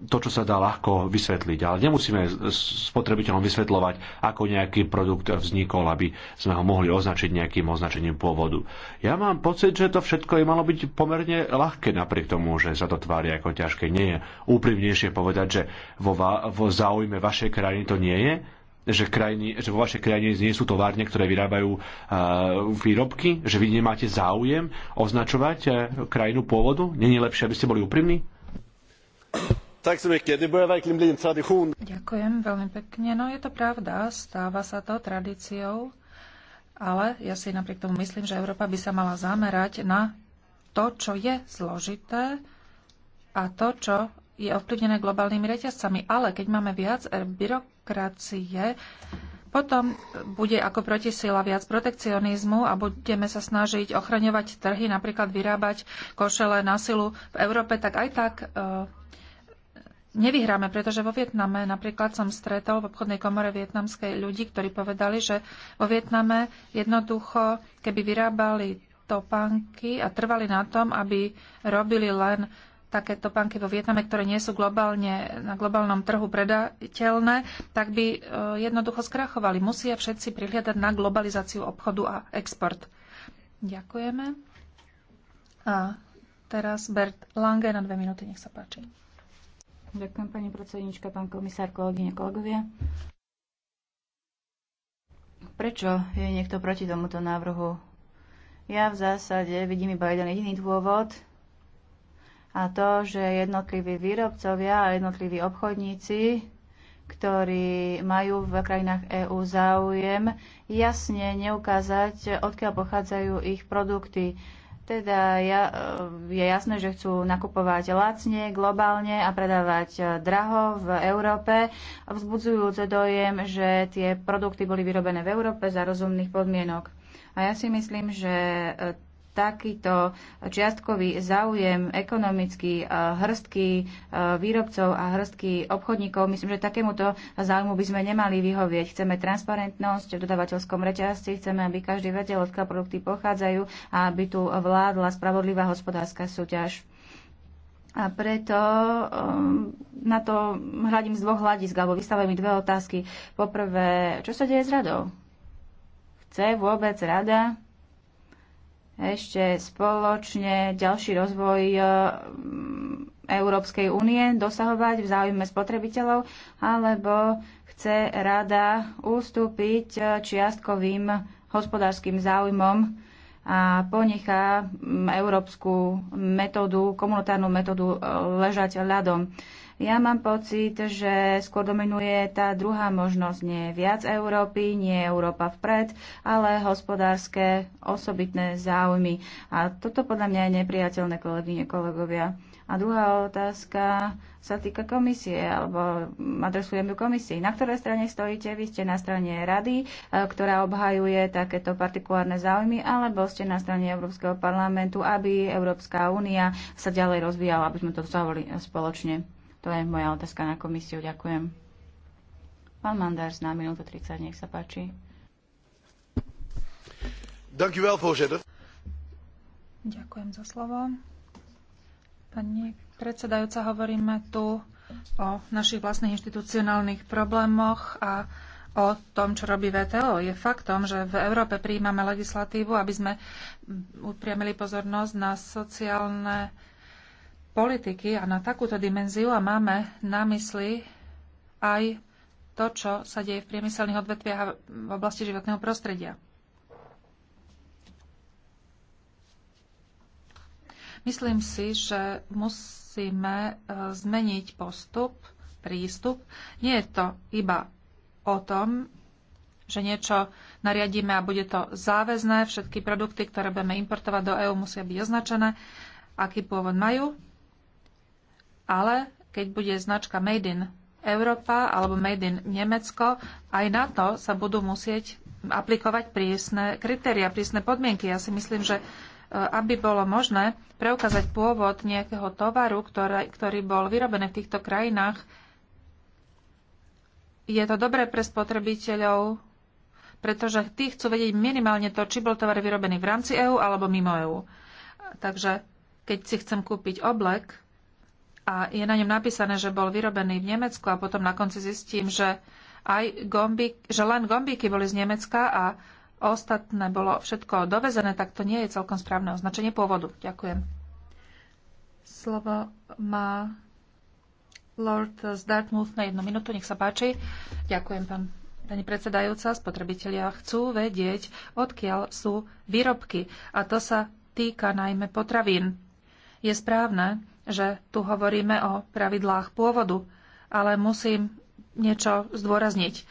to, čo sa dá ľahko vysvetliť. Ale nemusíme spotrebiteľom vysvetľovať, ako nejaký produkt vznikol, aby sme ho mohli označiť nejakým označením pôvodu. Ja mám pocit, že to všetko je malo byť pomerne ľahké, napriek tomu, že sa to tvári ako ťažké. Nie je úprimnejšie povedať, že vo, va- vo záujme vašej krajiny to nie je, že, krajiny, že vo vašej krajine nie sú továrne, ktoré vyrábajú výrobky, že vy nemáte záujem označovať e, krajinu pôvodu? Není lepšie, aby ste boli úprimní? Ďakujem veľmi pekne. No je to pravda, stáva sa to tradíciou, ale ja si napriek tomu myslím, že Európa by sa mala zamerať na to, čo je zložité a to, čo je ovplyvnené globálnymi reťazcami. Ale keď máme viac byrokracie, potom bude ako protisila viac protekcionizmu a budeme sa snažiť ochraňovať trhy, napríklad vyrábať košele na silu v Európe, tak aj tak e, nevyhráme, pretože vo Vietname napríklad som stretol v obchodnej komore vietnamskej ľudí, ktorí povedali, že vo Vietname jednoducho, keby vyrábali topánky a trvali na tom, aby robili len takéto topánky vo Vietname, ktoré nie sú globálne, na globálnom trhu predateľné, tak by e, jednoducho skrachovali. Musia všetci prihliadať na globalizáciu obchodu a export. Ďakujeme. A teraz Bert Lange na dve minúty, nech sa páči. Ďakujem, pani predsednička, pán komisár, kolegyne, kolegovia. Prečo je niekto proti tomuto návrhu? Ja v zásade vidím iba jeden jediný dôvod – a to, že jednotliví výrobcovia a jednotliví obchodníci, ktorí majú v krajinách EÚ záujem, jasne neukázať, odkiaľ pochádzajú ich produkty. Teda ja, e, je jasné, že chcú nakupovať lacne, globálne a predávať e, draho v Európe, vzbudzujúce dojem, že tie produkty boli vyrobené v Európe za rozumných podmienok. A ja si myslím, že e, takýto čiastkový záujem ekonomicky eh, hrstky eh, výrobcov a hrstky obchodníkov. Myslím, že takémuto záujmu by sme nemali vyhovieť. Chceme transparentnosť v dodavateľskom reťazci, chceme, aby každý vedel, odkiaľ produkty pochádzajú a aby tu vládla spravodlivá hospodárska súťaž. A preto um, na to hľadím z dvoch hľadisk, alebo vystavujem mi dve otázky. Poprvé, čo sa deje s radou? Chce vôbec rada ešte spoločne ďalší rozvoj e, mm, Európskej únie dosahovať v záujme spotrebiteľov, alebo chce rada ustúpiť e, čiastkovým hospodárskym záujmom a ponechá mm, európsku metódu, komunitárnu metódu e, ležať ľadom. Ja mám pocit, že skôr dominuje tá druhá možnosť. Nie viac Európy, nie Európa vpred, ale hospodárske osobitné záujmy. A toto podľa mňa je nepriateľné, kolegyne, kolegovia. A druhá otázka sa týka komisie, alebo adresujem ju komisii. Na ktorej strane stojíte? Vy ste na strane rady, e, ktorá obhajuje takéto partikulárne záujmy, alebo ste na strane Európskeho parlamentu, aby Európska únia sa ďalej rozvíjala, aby sme to hovorili spoločne. To je moja otázka na komisiu. Ďakujem. Pán mandárs na minútu 30, nech sa páči. Ďakujem za slovo. Pani predsedajúca, hovoríme tu o našich vlastných inštitucionálnych problémoch a o tom, čo robí VTO. Je faktom, že v Európe prijímame legislatívu, aby sme upriamili pozornosť na sociálne politiky a na takúto dimenziu a máme na mysli aj to, čo sa deje v priemyselných odvetviach a v oblasti životného prostredia. Myslím si, že musíme e, zmeniť postup, prístup. Nie je to iba o tom, že niečo nariadíme a bude to záväzné. Všetky produkty, ktoré budeme importovať do EÚ, musia byť označené, aký pôvod majú ale keď bude značka Made in Európa alebo Made in Nemecko, aj na to sa budú musieť aplikovať prísne kritéria, prísne podmienky. Ja si myslím, že e, aby bolo možné preukázať pôvod nejakého tovaru, ktoré, ktorý bol vyrobený v týchto krajinách, je to dobré pre spotrebiteľov, pretože tí chcú vedieť minimálne to, či bol tovar vyrobený v rámci EÚ alebo mimo EÚ. Takže keď si chcem kúpiť oblek, a je na ňom napísané, že bol vyrobený v Nemecku a potom na konci zistím, že, aj gombík, že len gombíky boli z Nemecka a ostatné bolo všetko dovezené, tak to nie je celkom správne označenie pôvodu. Ďakujem. Slovo má Lord z Dartmouth na jednu minútu, nech sa páči. Ďakujem, pán Pani predsedajúca, spotrebitelia chcú vedieť, odkiaľ sú výrobky. A to sa týka najmä potravín. Je správne, že tu hovoríme o pravidlách pôvodu, ale musím niečo zdôrazniť.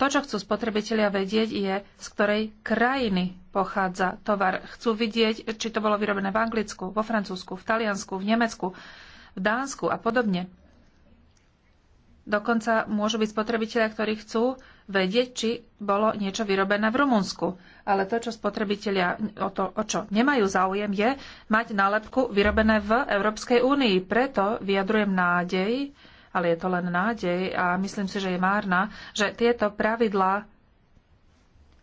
To, čo chcú spotrebitelia vedieť, je, z ktorej krajiny pochádza tovar. Chcú vidieť, či to bolo vyrobené v Anglicku, vo Francúzsku, v Taliansku, v Nemecku, v Dánsku a podobne. Dokonca môžu byť spotrebitelia, ktorí chcú vedieť, či bolo niečo vyrobené v Rumunsku ale to, čo spotrebitelia o to, o čo nemajú záujem, je mať nálepku vyrobené v Európskej únii. Preto vyjadrujem nádej, ale je to len nádej a myslím si, že je márna, že tieto pravidlá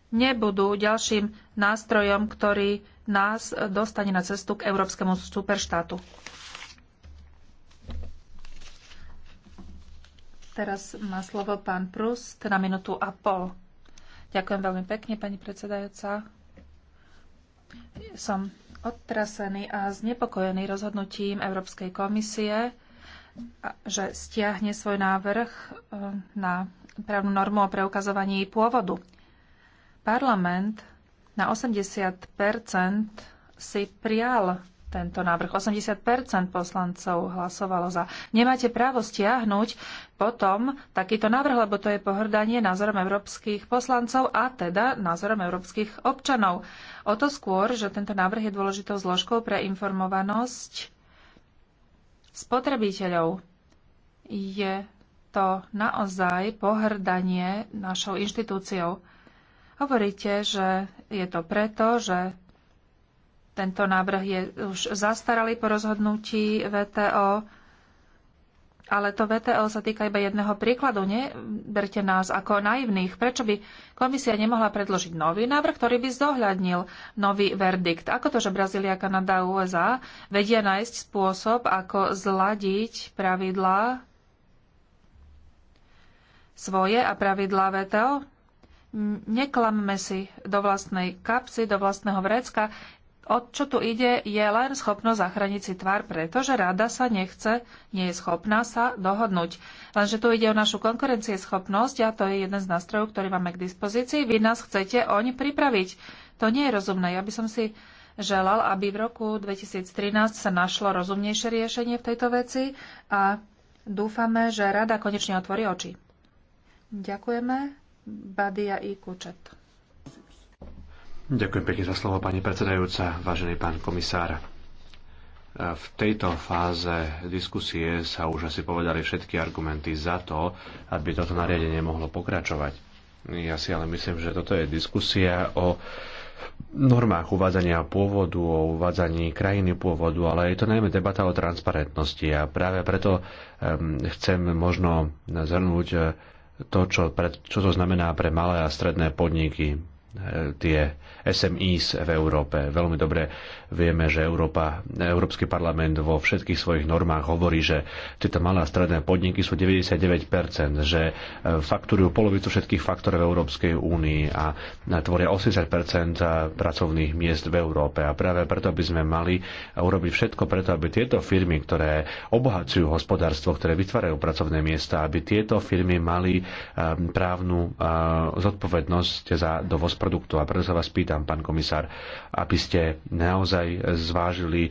nebudú ďalším nástrojom, ktorý nás dostane na cestu k európskemu superštátu. Teraz má slovo pán Prust na minútu a pol. Ďakujem veľmi pekne, pani predsedajúca. Som odtrasený a znepokojený rozhodnutím Európskej komisie, že stiahne svoj návrh eh, na právnu normu o preukazovaní pôvodu. Parlament na 80 si prial tento návrh. 80 poslancov hlasovalo za. Nemáte právo stiahnuť potom takýto návrh, lebo to je pohrdanie názorom európskych poslancov a teda názorom európskych občanov. O to skôr, že tento návrh je dôležitou zložkou pre informovanosť spotrebiteľov. Je to naozaj pohrdanie našou inštitúciou. Hovoríte, že je to preto, že tento návrh je už zastaralý po rozhodnutí VTO, ale to VTO sa týka iba jedného príkladu. Neberte nás ako naivných. Prečo by komisia nemohla predložiť nový návrh, ktorý by zohľadnil nový verdikt? Ako to, že Brazília, Kanada a USA vedia nájsť spôsob, ako zladiť pravidlá svoje a pravidlá VTO? Neklamme si do vlastnej kapsy, do vlastného vrecka. O čo tu ide, je len schopnosť zachrániť si tvár, pretože rada sa nechce, nie je schopná sa dohodnúť. Lenže tu ide o našu konkurencieschopnosť a to je jeden z nástrojov, ktorý máme k dispozícii. Vy nás chcete oň pripraviť. To nie je rozumné. Ja by som si želal, aby v roku 2013 sa našlo rozumnejšie riešenie v tejto veci a dúfame, že rada konečne otvorí oči. Ďakujeme. Badia i Kučet. Ďakujem pekne za slovo, pani predsedajúca, vážený pán komisár. V tejto fáze diskusie sa už asi povedali všetky argumenty za to, aby toto nariadenie mohlo pokračovať. Ja si ale myslím, že toto je diskusia o normách uvádzania pôvodu, o uvádzaní krajiny pôvodu, ale je to najmä debata o transparentnosti a práve preto chcem možno zhrnúť eh, to, čo, pre, čo to znamená pre malé a stredné podniky, eh, tie SMIs v Európe. Veľmi dobre Vieme, že Európa, Európsky parlament vo všetkých svojich normách hovorí, že tieto malé a stredné podniky sú 99%, že e, fakturujú polovicu všetkých faktorov v Európskej únii a tvoria 80% pracovných miest v Európe. A práve preto by sme mali urobiť všetko preto, aby tieto firmy, ktoré obohacujú hospodárstvo, ktoré vytvárajú pracovné miesta, aby tieto firmy mali e, právnu e, zodpovednosť za dovoz produktov. A preto sa vás pýtam, pán komisár, aby ste naozaj naozaj zvážili e,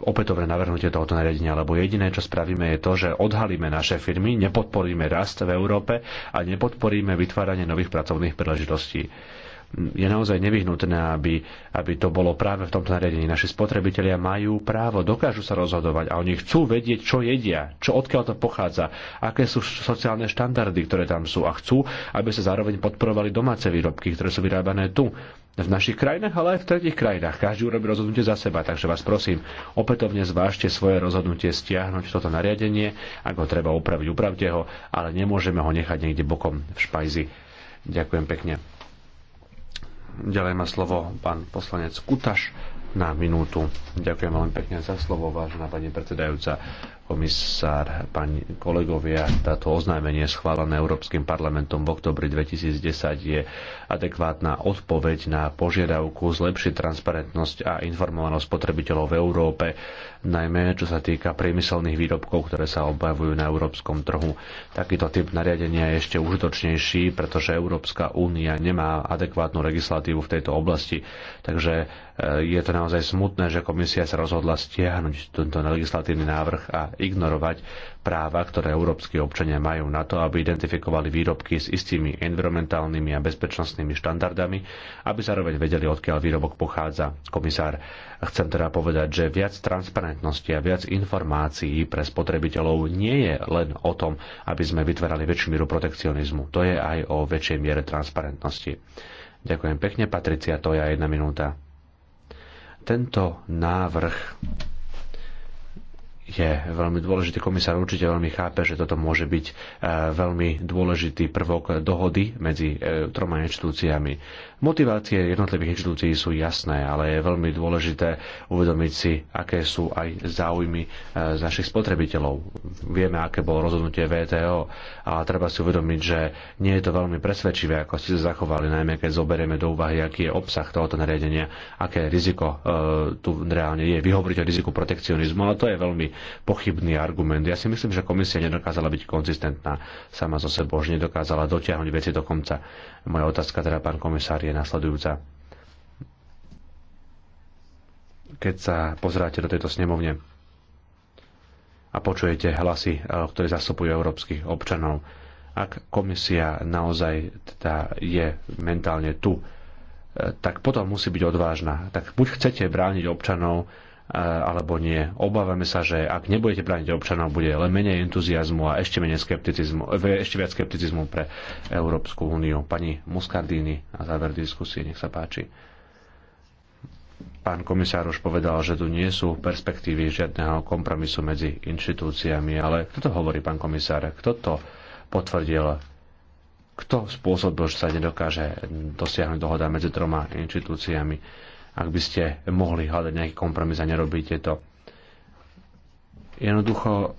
opätovné navrhnutie tohoto nariadenia, lebo jediné, čo spravíme, je to, že odhalíme naše firmy, nepodporíme rast v Európe a nepodporíme vytváranie nových pracovných príležitostí je naozaj nevyhnutné, aby, aby to bolo práve v tomto nariadení. Naši spotrebitelia majú právo, dokážu sa rozhodovať a oni chcú vedieť, čo jedia, čo odkiaľ to pochádza, aké sú sociálne štandardy, ktoré tam sú a chcú, aby sa zároveň podporovali domáce výrobky, ktoré sú vyrábané tu v našich krajinách, ale aj v tretich krajinách. Každý urobí rozhodnutie za seba, takže vás prosím, opätovne zvážte svoje rozhodnutie stiahnuť toto nariadenie. Ak ho treba upraviť, upravte ho, ale nemôžeme ho nechať niekde bokom v špajzi. Ďakujem pekne. Ďalej má slovo pán poslanec Kutaš na minútu. Ďakujem veľmi pekne za slovo, vážená pani predsedajúca komisár, pani kolegovia, táto oznámenie schválené Európskym parlamentom v oktobri 2010 je adekvátna odpoveď na požiadavku zlepšiť transparentnosť a informovanosť spotrebiteľov v Európe, najmä čo sa týka priemyselných výrobkov, ktoré sa objavujú na európskom trhu. Takýto typ nariadenia je ešte užitočnejší, pretože Európska únia nemá adekvátnu legislatívu v tejto oblasti, takže e, je to naozaj smutné, že komisia sa rozhodla stiahnuť tento legislatívny návrh a ignorovať práva, ktoré európsky občania majú na to, aby identifikovali výrobky s istými environmentálnymi a bezpečnostnými štandardami, aby zároveň vedeli, odkiaľ výrobok pochádza. Komisár, chcem teda povedať, že viac transparentnosti a viac informácií pre spotrebiteľov nie je len o tom, aby sme vytvárali väčšiu mieru protekcionizmu. To je aj o väčšej miere transparentnosti. Ďakujem pekne, Patricia, to je jedna minúta. Tento návrh je veľmi dôležitý. Komisár určite veľmi chápe, že toto môže byť eh, veľmi dôležitý prvok dohody medzi eh, troma inštitúciami. Motivácie jednotlivých inštitúcií sú jasné, ale je veľmi dôležité uvedomiť si, aké sú aj záujmy z eh, našich spotrebiteľov. Vieme, aké bolo rozhodnutie VTO, ale treba si uvedomiť, že nie je to veľmi presvedčivé, ako ste sa zachovali, najmä keď zoberieme do úvahy, aký je obsah tohoto nariadenia, aké riziko e, tu reálne je. Vy hovoríte o riziku protekcionizmu, ale to je veľmi pochybný argument. Ja si myslím, že komisia nedokázala byť konzistentná sama so sebou, že nedokázala dotiahnuť veci do konca. Moja otázka teda, pán komisár, je nasledujúca. Keď sa pozráte do tejto snemovne a počujete hlasy, eh, ktoré zastupujú európskych občanov, ak komisia naozaj teda je mentálne tu, eh, tak potom musí byť odvážna. Tak buď chcete brániť občanov, Eh, alebo nie. Obávame sa, že ak nebudete brániť občanov, bude len menej entuziasmu a ešte, menej skepticizmu, eh, ešte viac skepticizmu pre Európsku úniu. Pani Muscardini, na záver diskusie, nech sa páči. Pán komisár už povedal, že tu nie sú perspektívy žiadneho kompromisu medzi inštitúciami, ale kto to hovorí, pán komisár? Kto to potvrdil? Kto spôsobil, že sa nedokáže dosiahnuť dohoda medzi troma inštitúciami? ak by ste mohli hľadať nejaký kompromis a nerobíte to. Jednoducho,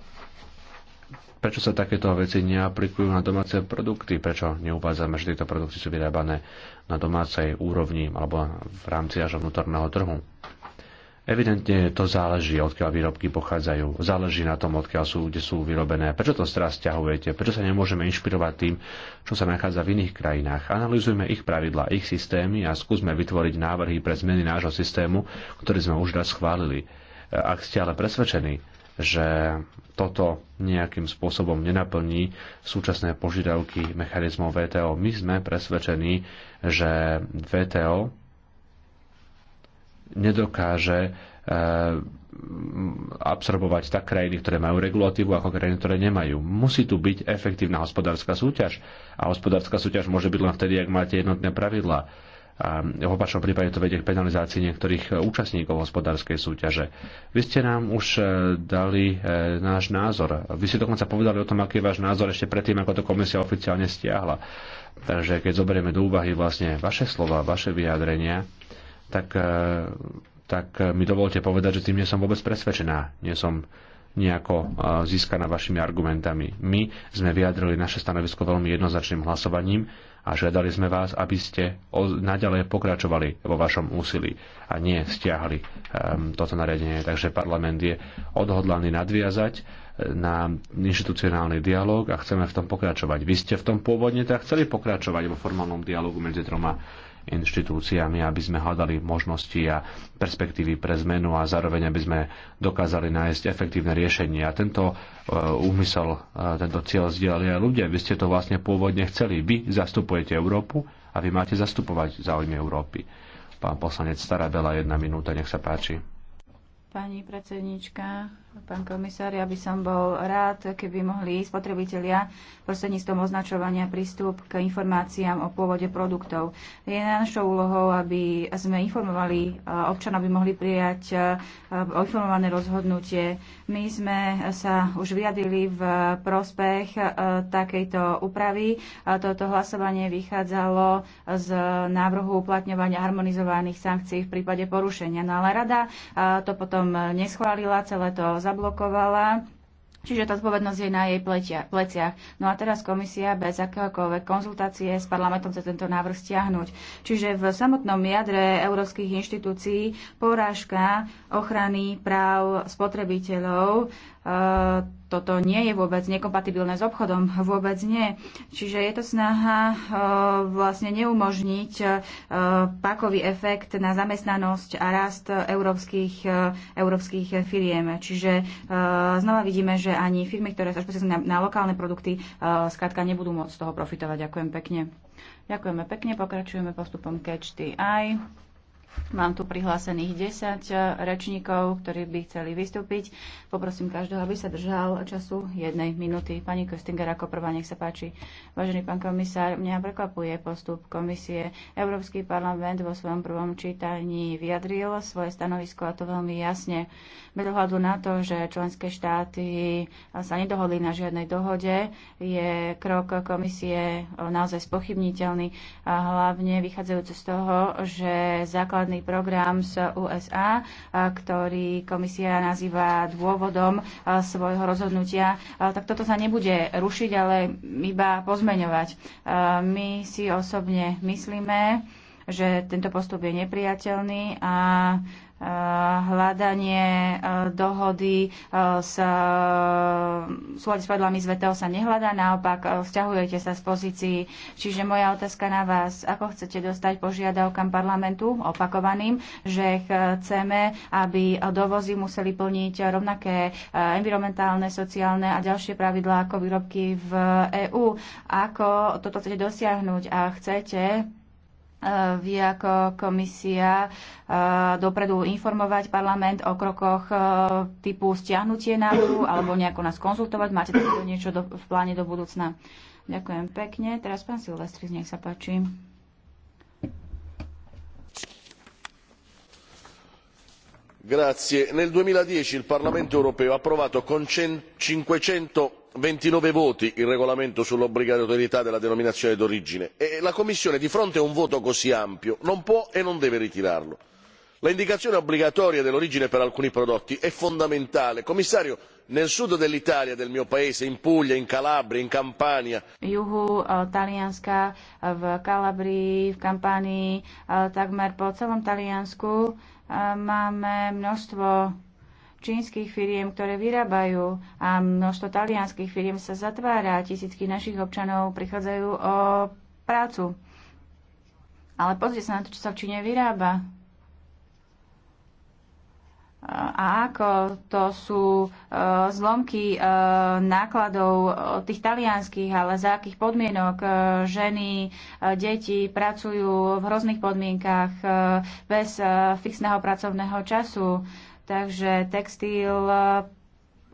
prečo sa takéto veci neaplikujú na domáce produkty? Prečo neuvádzame, že tieto produkty sú vyrábané na domácej úrovni alebo v rámci až vnútorného trhu? Evidentne to záleží, odkiaľ výrobky pochádzajú. Záleží na tom, odkiaľ sú, kde sú vyrobené. Prečo to teraz ťahujete? Prečo sa nemôžeme inšpirovať tým, čo sa nachádza v iných krajinách? Analizujme ich pravidla, ich systémy a skúsme vytvoriť návrhy pre zmeny nášho systému, ktorý sme už raz schválili. Ak ste ale presvedčení, že toto nejakým spôsobom nenaplní súčasné požiadavky mechanizmov VTO. My sme presvedčení, že VTO nedokáže eh, absorbovať tak krajiny, ktoré majú regulatívu, ako krajiny, ktoré nemajú. Musí tu byť efektívna hospodárska súťaž. A hospodárska súťaž môže byť len vtedy, ak máte jednotné pravidlá. A v opačnom prípade to vedie k penalizácii niektorých eh, účastníkov hospodárskej súťaže. Vy ste nám už eh, dali náš názor. Vy ste dokonca povedali o tom, aký je váš názor ešte predtým, ako to komisia oficiálne stiahla. Takže keď zoberieme do úvahy vlastne vaše slova, vaše vyjadrenia, tak, eh, tak mi dovolte povedať, že tým nie som vôbec presvedčená. Nie som nejako eh, získaná vašimi argumentami. My sme vyjadrili naše stanovisko veľmi jednoznačným hlasovaním a žiadali sme vás, aby ste naďalej pokračovali vo vašom úsilí a nie stiahli ehm, toto nariadenie. Takže parlament je odhodlaný nadviazať eh, na inštitucionálny dialog a chceme v tom pokračovať. Vy ste v tom pôvodne teda chceli pokračovať vo formálnom dialogu medzi troma inštitúciami, aby sme hľadali možnosti a perspektívy pre zmenu a zároveň, aby sme dokázali nájsť efektívne riešenie. A tento e, úmysel, e, tento cieľ zdieľali aj ľudia. Vy ste to vlastne pôvodne chceli. Vy zastupujete Európu a vy máte zastupovať záujmy Európy. Pán poslanec Starabela, jedna minúta, nech sa páči. Pani predsednička, Pán komisár, ja by som bol rád, keby mohli spotrebitelia prostredníctvom označovania prístup k informáciám o pôvode produktov. Je našou úlohou, aby sme informovali eh, občanov, aby mohli prijať eh, informované rozhodnutie. My sme sa už vyjadrili v prospech eh, takejto úpravy. Toto hlasovanie vychádzalo z návrhu uplatňovania harmonizovaných sankcií v prípade porušenia. No ale rada to potom neschválila, celé to zablokovala. Čiže tá zodpovednosť je na jej plecia, pleciach. No a teraz komisia bez akéhokoľvek konzultácie s parlamentom chce tento návrh stiahnuť. Čiže v samotnom jadre európskych inštitúcií porážka ochrany práv spotrebiteľov Eh, toto nie je vôbec nekompatibilné s obchodom, vôbec nie. Čiže je to snaha eh, vlastne neumožniť eh, pakový efekt na zamestnanosť a rast európskych, európskych firiem. Čiže znova vidíme, že ani firmy, ktoré sa špecializujú na, na lokálne produkty, skrátka nebudú môcť z toho profitovať. Ďakujem pekne. Ďakujeme pekne, pokračujeme postupom Catch the Eye. Mám tu prihlásených 10 eh, rečníkov, ktorí by chceli vystúpiť. Poprosím každého, aby sa držal času jednej minúty. Pani Köstinger, ako prvá, nech sa páči. Vážený pán komisár, mňa prekvapuje postup komisie. Európsky parlament vo svojom prvom čítaní vyjadril svoje stanovisko a to veľmi jasne. Bez ohľadu na to, že členské štáty sa nedohodli na žiadnej dohode, je krok komisie naozaj spochybniteľný a hlavne vychádzajúce z toho, že základ obchodný program z USA, ktorý komisia nazýva dôvodom svojho rozhodnutia, tak toto sa nebude rušiť, ale iba pozmeňovať. My si osobne myslíme, že tento postup je nepriateľný a hľadanie e, dohody e, s e, súhľadí s pravidlami z VTO sa nehľadá, naopak vzťahujete sa z pozícií. Čiže moja otázka na vás, ako chcete dostať požiadavkám parlamentu opakovaným, že chceme, aby dovozy museli plniť rovnaké environmentálne, sociálne a ďalšie pravidlá ako výrobky v EÚ. Ako toto chcete dosiahnuť a chcete E, vy ako komisia e, dopredu informovať parlament o krokoch e, typu stiahnutie návrhu alebo nejako nás konzultovať? Máte takéto niečo do, v pláne do budúcna? Ďakujem pekne. Teraz pán Silvestri, nech sa páči. Grazie. Nel 2010 il Parlamento europeo ha approvato con 500 ventinove voti il regolamento sull'obbligatorietà della denominazione d'origine e la commissione di fronte a un voto così ampio non può e non deve ritirarlo. l'indicazione obbligatoria dell'origine per alcuni prodotti è fondamentale. commissario nel sud dell'italia del mio paese in puglia in calabria in campania juhu eh, talianska eh, v kalabrii v kampánii eh, takmer po celom taliansku máme množstvo čínskych firiem, ktoré vyrábajú a množstvo talianských firiem sa zatvára. Tisícky našich občanov prichádzajú o prácu. Ale pozrite sa na to, čo sa v Číne vyrába. A ako to sú e, zlomky e, nákladov tých talianských, ale za akých podmienok e, ženy, deti pracujú v hrozných podmienkach bez fixného pracovného času Takže textil, eh,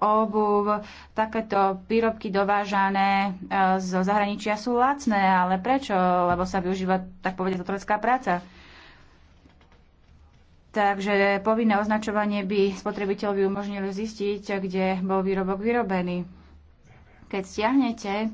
obuv, takéto výrobky dovážané eh, zo zahraničia sú lacné, ale prečo? Lebo sa využíva, tak povedať, otrocká práca. Takže povinné označovanie by spotrebiteľovi umožnilo zistiť, kde bol výrobok vyrobený. Keď stiahnete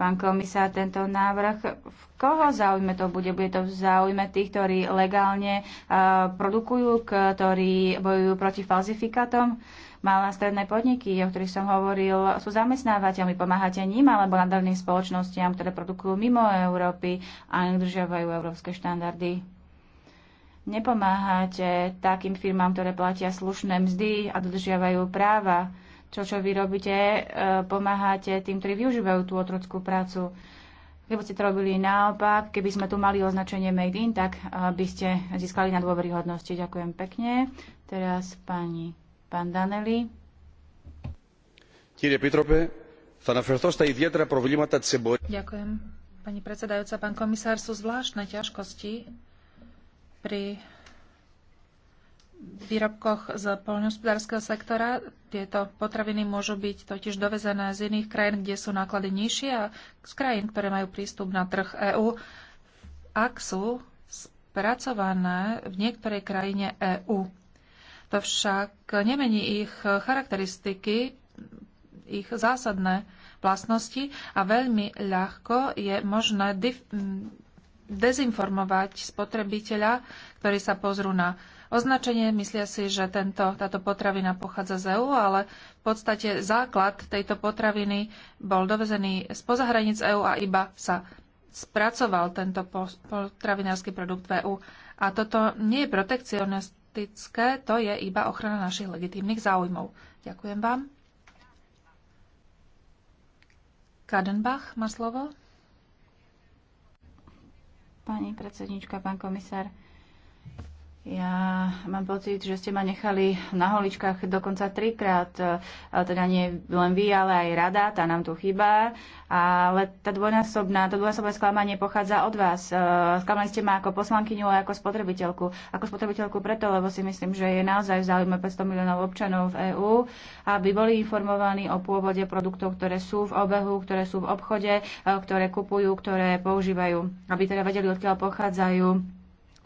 Pán komisár, tento návrh v koho záujme to bude? Bude to v záujme tých, ktorí legálne uh, produkujú, ktorí bojujú proti falzifikátom? Malé a stredné podniky, o ktorých som hovoril, sú zamestnávateľmi. Pomáhate ním alebo nadarným spoločnostiam, ktoré produkujú mimo Európy a nedržiavajú európske štandardy? Nepomáhate takým firmám, ktoré platia slušné mzdy a dodržiavajú práva čo, čo vy robíte, e, pomáhate tým, ktorí využívajú tú otrockú prácu. Keby ste to robili naopak, keby sme tu mali označenie Made in, tak e, by ste získali na dôveryhodnosti. Ďakujem pekne. Teraz pani pán Daneli. Ďakujem. Pani predsedajúca, pán komisár, sú zvláštne ťažkosti pri výrobkoch z poľnohospodárskeho sektora. Tieto potraviny môžu byť totiž dovezené z iných krajín, kde sú náklady nižšie a z krajín, ktoré majú prístup na trh EÚ. Ak sú spracované v niektorej krajine EÚ. To však nemení ich charakteristiky, ich zásadné vlastnosti a veľmi ľahko je možné dezinformovať spotrebiteľa, ktorý sa pozrú na označenie. Myslia si, že tento, táto potravina pochádza z EÚ, ale v podstate základ tejto potraviny bol dovezený spoza hranic EÚ a iba sa spracoval tento potravinársky produkt v EÚ. A toto nie je protekcionistické, to je iba ochrana našich legitímnych záujmov. Ďakujem vám. Kadenbach má slovo. Pani predsednička, pán komisár, ja mám pocit, že ste ma nechali na holičkách dokonca trikrát. E, teda nie len vy, ale aj rada, tá nám tu chýba. Ale tá dvojnásobná, to dvojnásobné sklamanie pochádza od vás. E, sklamali ste ma ako poslankyňu a ako spotrebiteľku. Ako spotrebiteľku preto, lebo si myslím, že je naozaj v záujme 500 miliónov občanov v EÚ, aby boli informovaní o pôvode produktov, ktoré sú v obehu, ktoré sú v obchode, e, ktoré kupujú, ktoré používajú. Aby teda vedeli, odkiaľ pochádzajú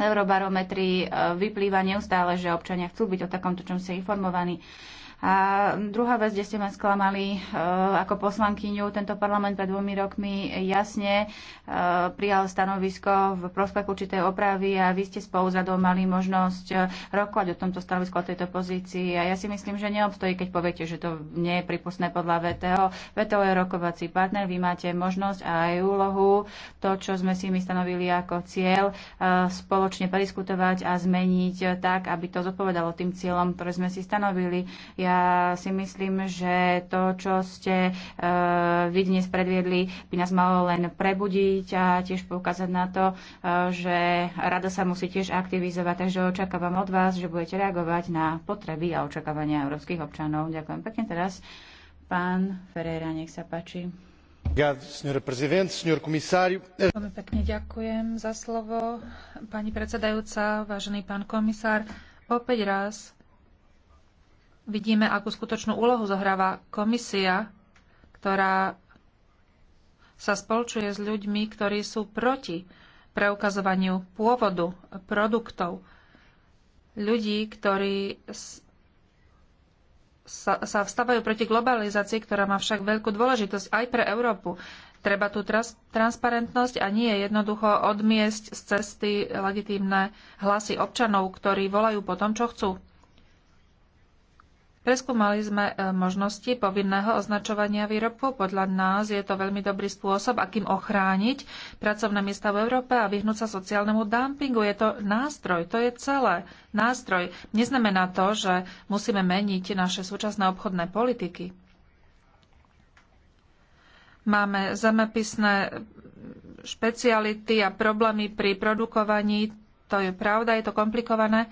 eurobarometri e, vyplýva neustále, že občania chcú byť o takomto čom sa informovaní. A druhá vec, kde ste ma sklamali e, ako poslankyňu, tento parlament pred dvomi rokmi jasne e, prijal stanovisko v prospech určitej opravy a vy ste spolu s radou mali možnosť e, rokovať o tomto stanovisku a tejto pozícii. A ja si myslím, že neobstojí, keď poviete, že to nie je pripustné podľa VTO. VTO je rokovací partner, vy máte možnosť a aj úlohu to, čo sme si my stanovili ako cieľ, spoločne prediskutovať a zmeniť tak, aby to zodpovedalo tým cieľom, ktoré sme si stanovili. Ja si myslím, že to, čo ste e, vy dnes predviedli, by nás malo len prebudiť a tiež poukázať na to, e, že rada sa musí tiež aktivizovať. Takže očakávam od vás, že budete reagovať na potreby a očakávania európskych občanov. Ďakujem pekne teraz. Pán Ferreira, nech sa páči. Veľmi pekne ďakujem za slovo. Pani predsedajúca, vážený pán komisár, opäť raz vidíme, akú skutočnú úlohu zohráva komisia, ktorá sa spolčuje s ľuďmi, ktorí sú proti preukazovaniu pôvodu produktov. Ľudí, ktorí sa, sa vstávajú proti globalizácii, ktorá má však veľkú dôležitosť aj pre Európu. Treba tú tras- transparentnosť a nie je jednoducho odmiesť z cesty legitímne hlasy občanov, ktorí volajú po tom, čo chcú. Preskúmali sme e, možnosti povinného označovania výrobkov. Podľa nás je to veľmi dobrý spôsob, akým ochrániť pracovné miesta v Európe a vyhnúť sa sociálnemu dumpingu. Je to nástroj, to je celé. Nástroj. Neznamená to, že musíme meniť naše súčasné obchodné politiky. Máme zemepisné špeciality a problémy pri produkovaní. To je pravda, je to komplikované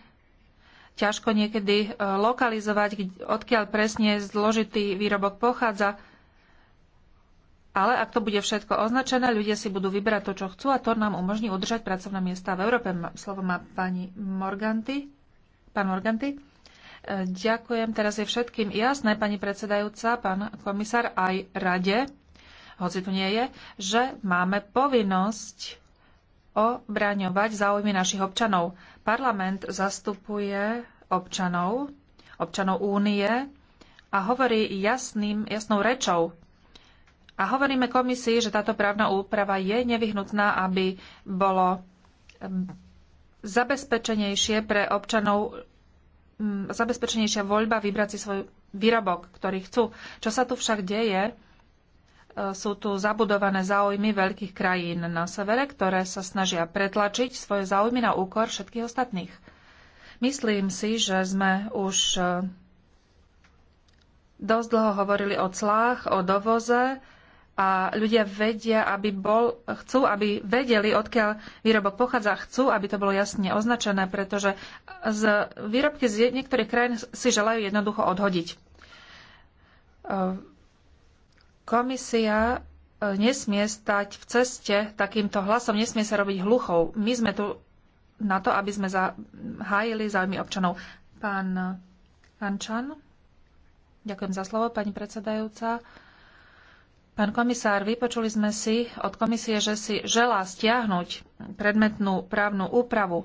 ťažko niekedy e, lokalizovať, odkiaľ presne zložitý výrobok pochádza. Ale ak to bude všetko označené, ľudia si budú vyberať to, čo chcú a to nám umožní udržať pracovné miesta v Európe. Slovo má pani Morganti. Pán Morganti. E, ďakujem. Teraz je všetkým jasné, pani predsedajúca, pán komisár, aj rade, hoci tu nie je, že máme povinnosť obraňovať záujmy našich občanov. Parlament zastupuje občanov, občanov únie a hovorí jasným, jasnou rečou. A hovoríme komisii, že táto právna úprava je nevyhnutná, aby bolo zabezpečenejšie pre občanov zabezpečenejšia voľba vybrať si svoj výrobok, ktorý chcú. Čo sa tu však deje, E, sú tu zabudované záujmy veľkých krajín na severe, ktoré sa snažia pretlačiť svoje záujmy na úkor všetkých ostatných. Myslím si, že sme už e, dosť dlho hovorili o clách, o dovoze a ľudia vedia, aby bol, chcú, aby vedeli, odkiaľ výrobok pochádza, chcú, aby to bolo jasne označené, pretože z výrobky z niektorých krajín si želajú jednoducho odhodiť e, Komisia e, nesmie stať v ceste takýmto hlasom, nesmie sa robiť hluchou. My sme tu na to, aby sme hájili záujmy občanov. Pán Ančan, ďakujem za slovo, pani predsedajúca. Pán komisár, vypočuli sme si od komisie, že si želá stiahnuť predmetnú právnu úpravu.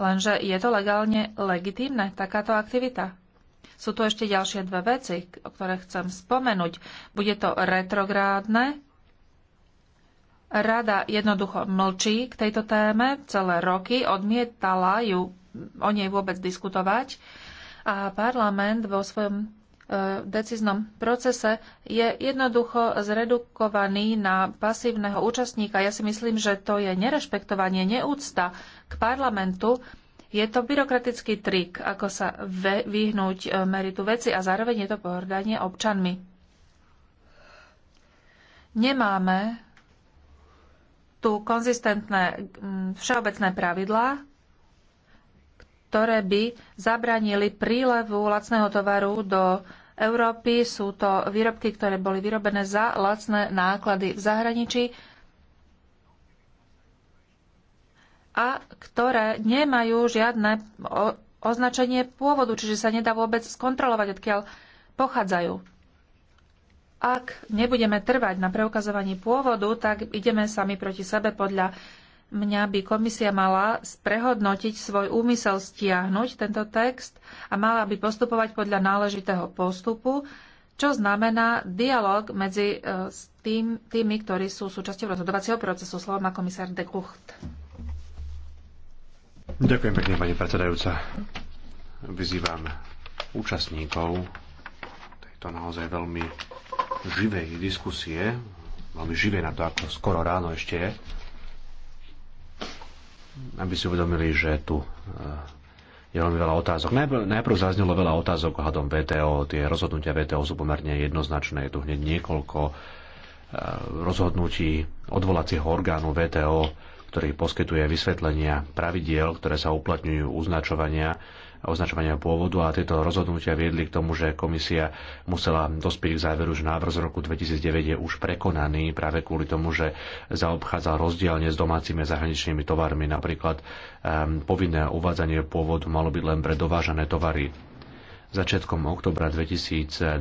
Lenže je to legálne legitímne, takáto aktivita? Sú tu ešte ďalšie dve veci, o ktoré chcem spomenúť. Bude to retrográdne. Rada jednoducho mlčí k tejto téme celé roky, odmietala ju o nej vôbec diskutovať a parlament vo svojom e, decíznom procese je jednoducho zredukovaný na pasívneho účastníka. Ja si myslím, že to je nerešpektovanie, neúcta k parlamentu je to byrokratický trik, ako sa vyhnúť e, meritu veci a zároveň je to pohrdanie občanmi. Nemáme tu konzistentné všeobecné pravidlá, ktoré by zabranili prílevu lacného tovaru do Európy. Sú to výrobky, ktoré boli vyrobené za lacné náklady v zahraničí a ktoré nemajú žiadne označenie pôvodu, čiže sa nedá vôbec skontrolovať, odkiaľ pochádzajú. Ak nebudeme trvať na preukazovaní pôvodu, tak ideme sami proti sebe. Podľa mňa by komisia mala prehodnotiť svoj úmysel stiahnuť tento text a mala by postupovať podľa náležitého postupu, čo znamená dialog medzi e, tým, tými, ktorí sú súčasťou rozhodovacieho procesu. Slovo má komisár de Kucht. Ďakujem pekne, pani predsedajúca. Vyzývam účastníkov tejto naozaj veľmi živej diskusie, veľmi živé na to, ako skoro ráno ešte je, aby si uvedomili, že tu eh, je veľmi veľa otázok. Najprv, najprv zaznelo veľa otázok ohľadom VTO. Tie rozhodnutia VTO sú pomerne jednoznačné. Je tu hneď niekoľko eh, rozhodnutí odvolacieho orgánu VTO, ktorý poskytuje vysvetlenia pravidiel, ktoré sa uplatňujú označovania označovania pôvodu a tieto rozhodnutia viedli k tomu, že komisia musela dospieť k záveru, že návrh z roku 2009 je už prekonaný práve kvôli tomu, že zaobchádzal rozdielne s domácimi a zahraničnými tovarmi. Napríklad um, povinné uvádzanie pôvodu malo byť len pre dovážané tovary. Začiatkom oktobra 2012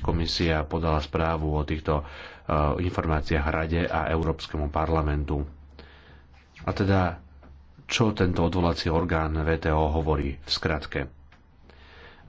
komisia podala správu o týchto eh, informáciách Rade a Európskemu parlamentu. A teda, čo tento odvolací orgán VTO hovorí v skratke?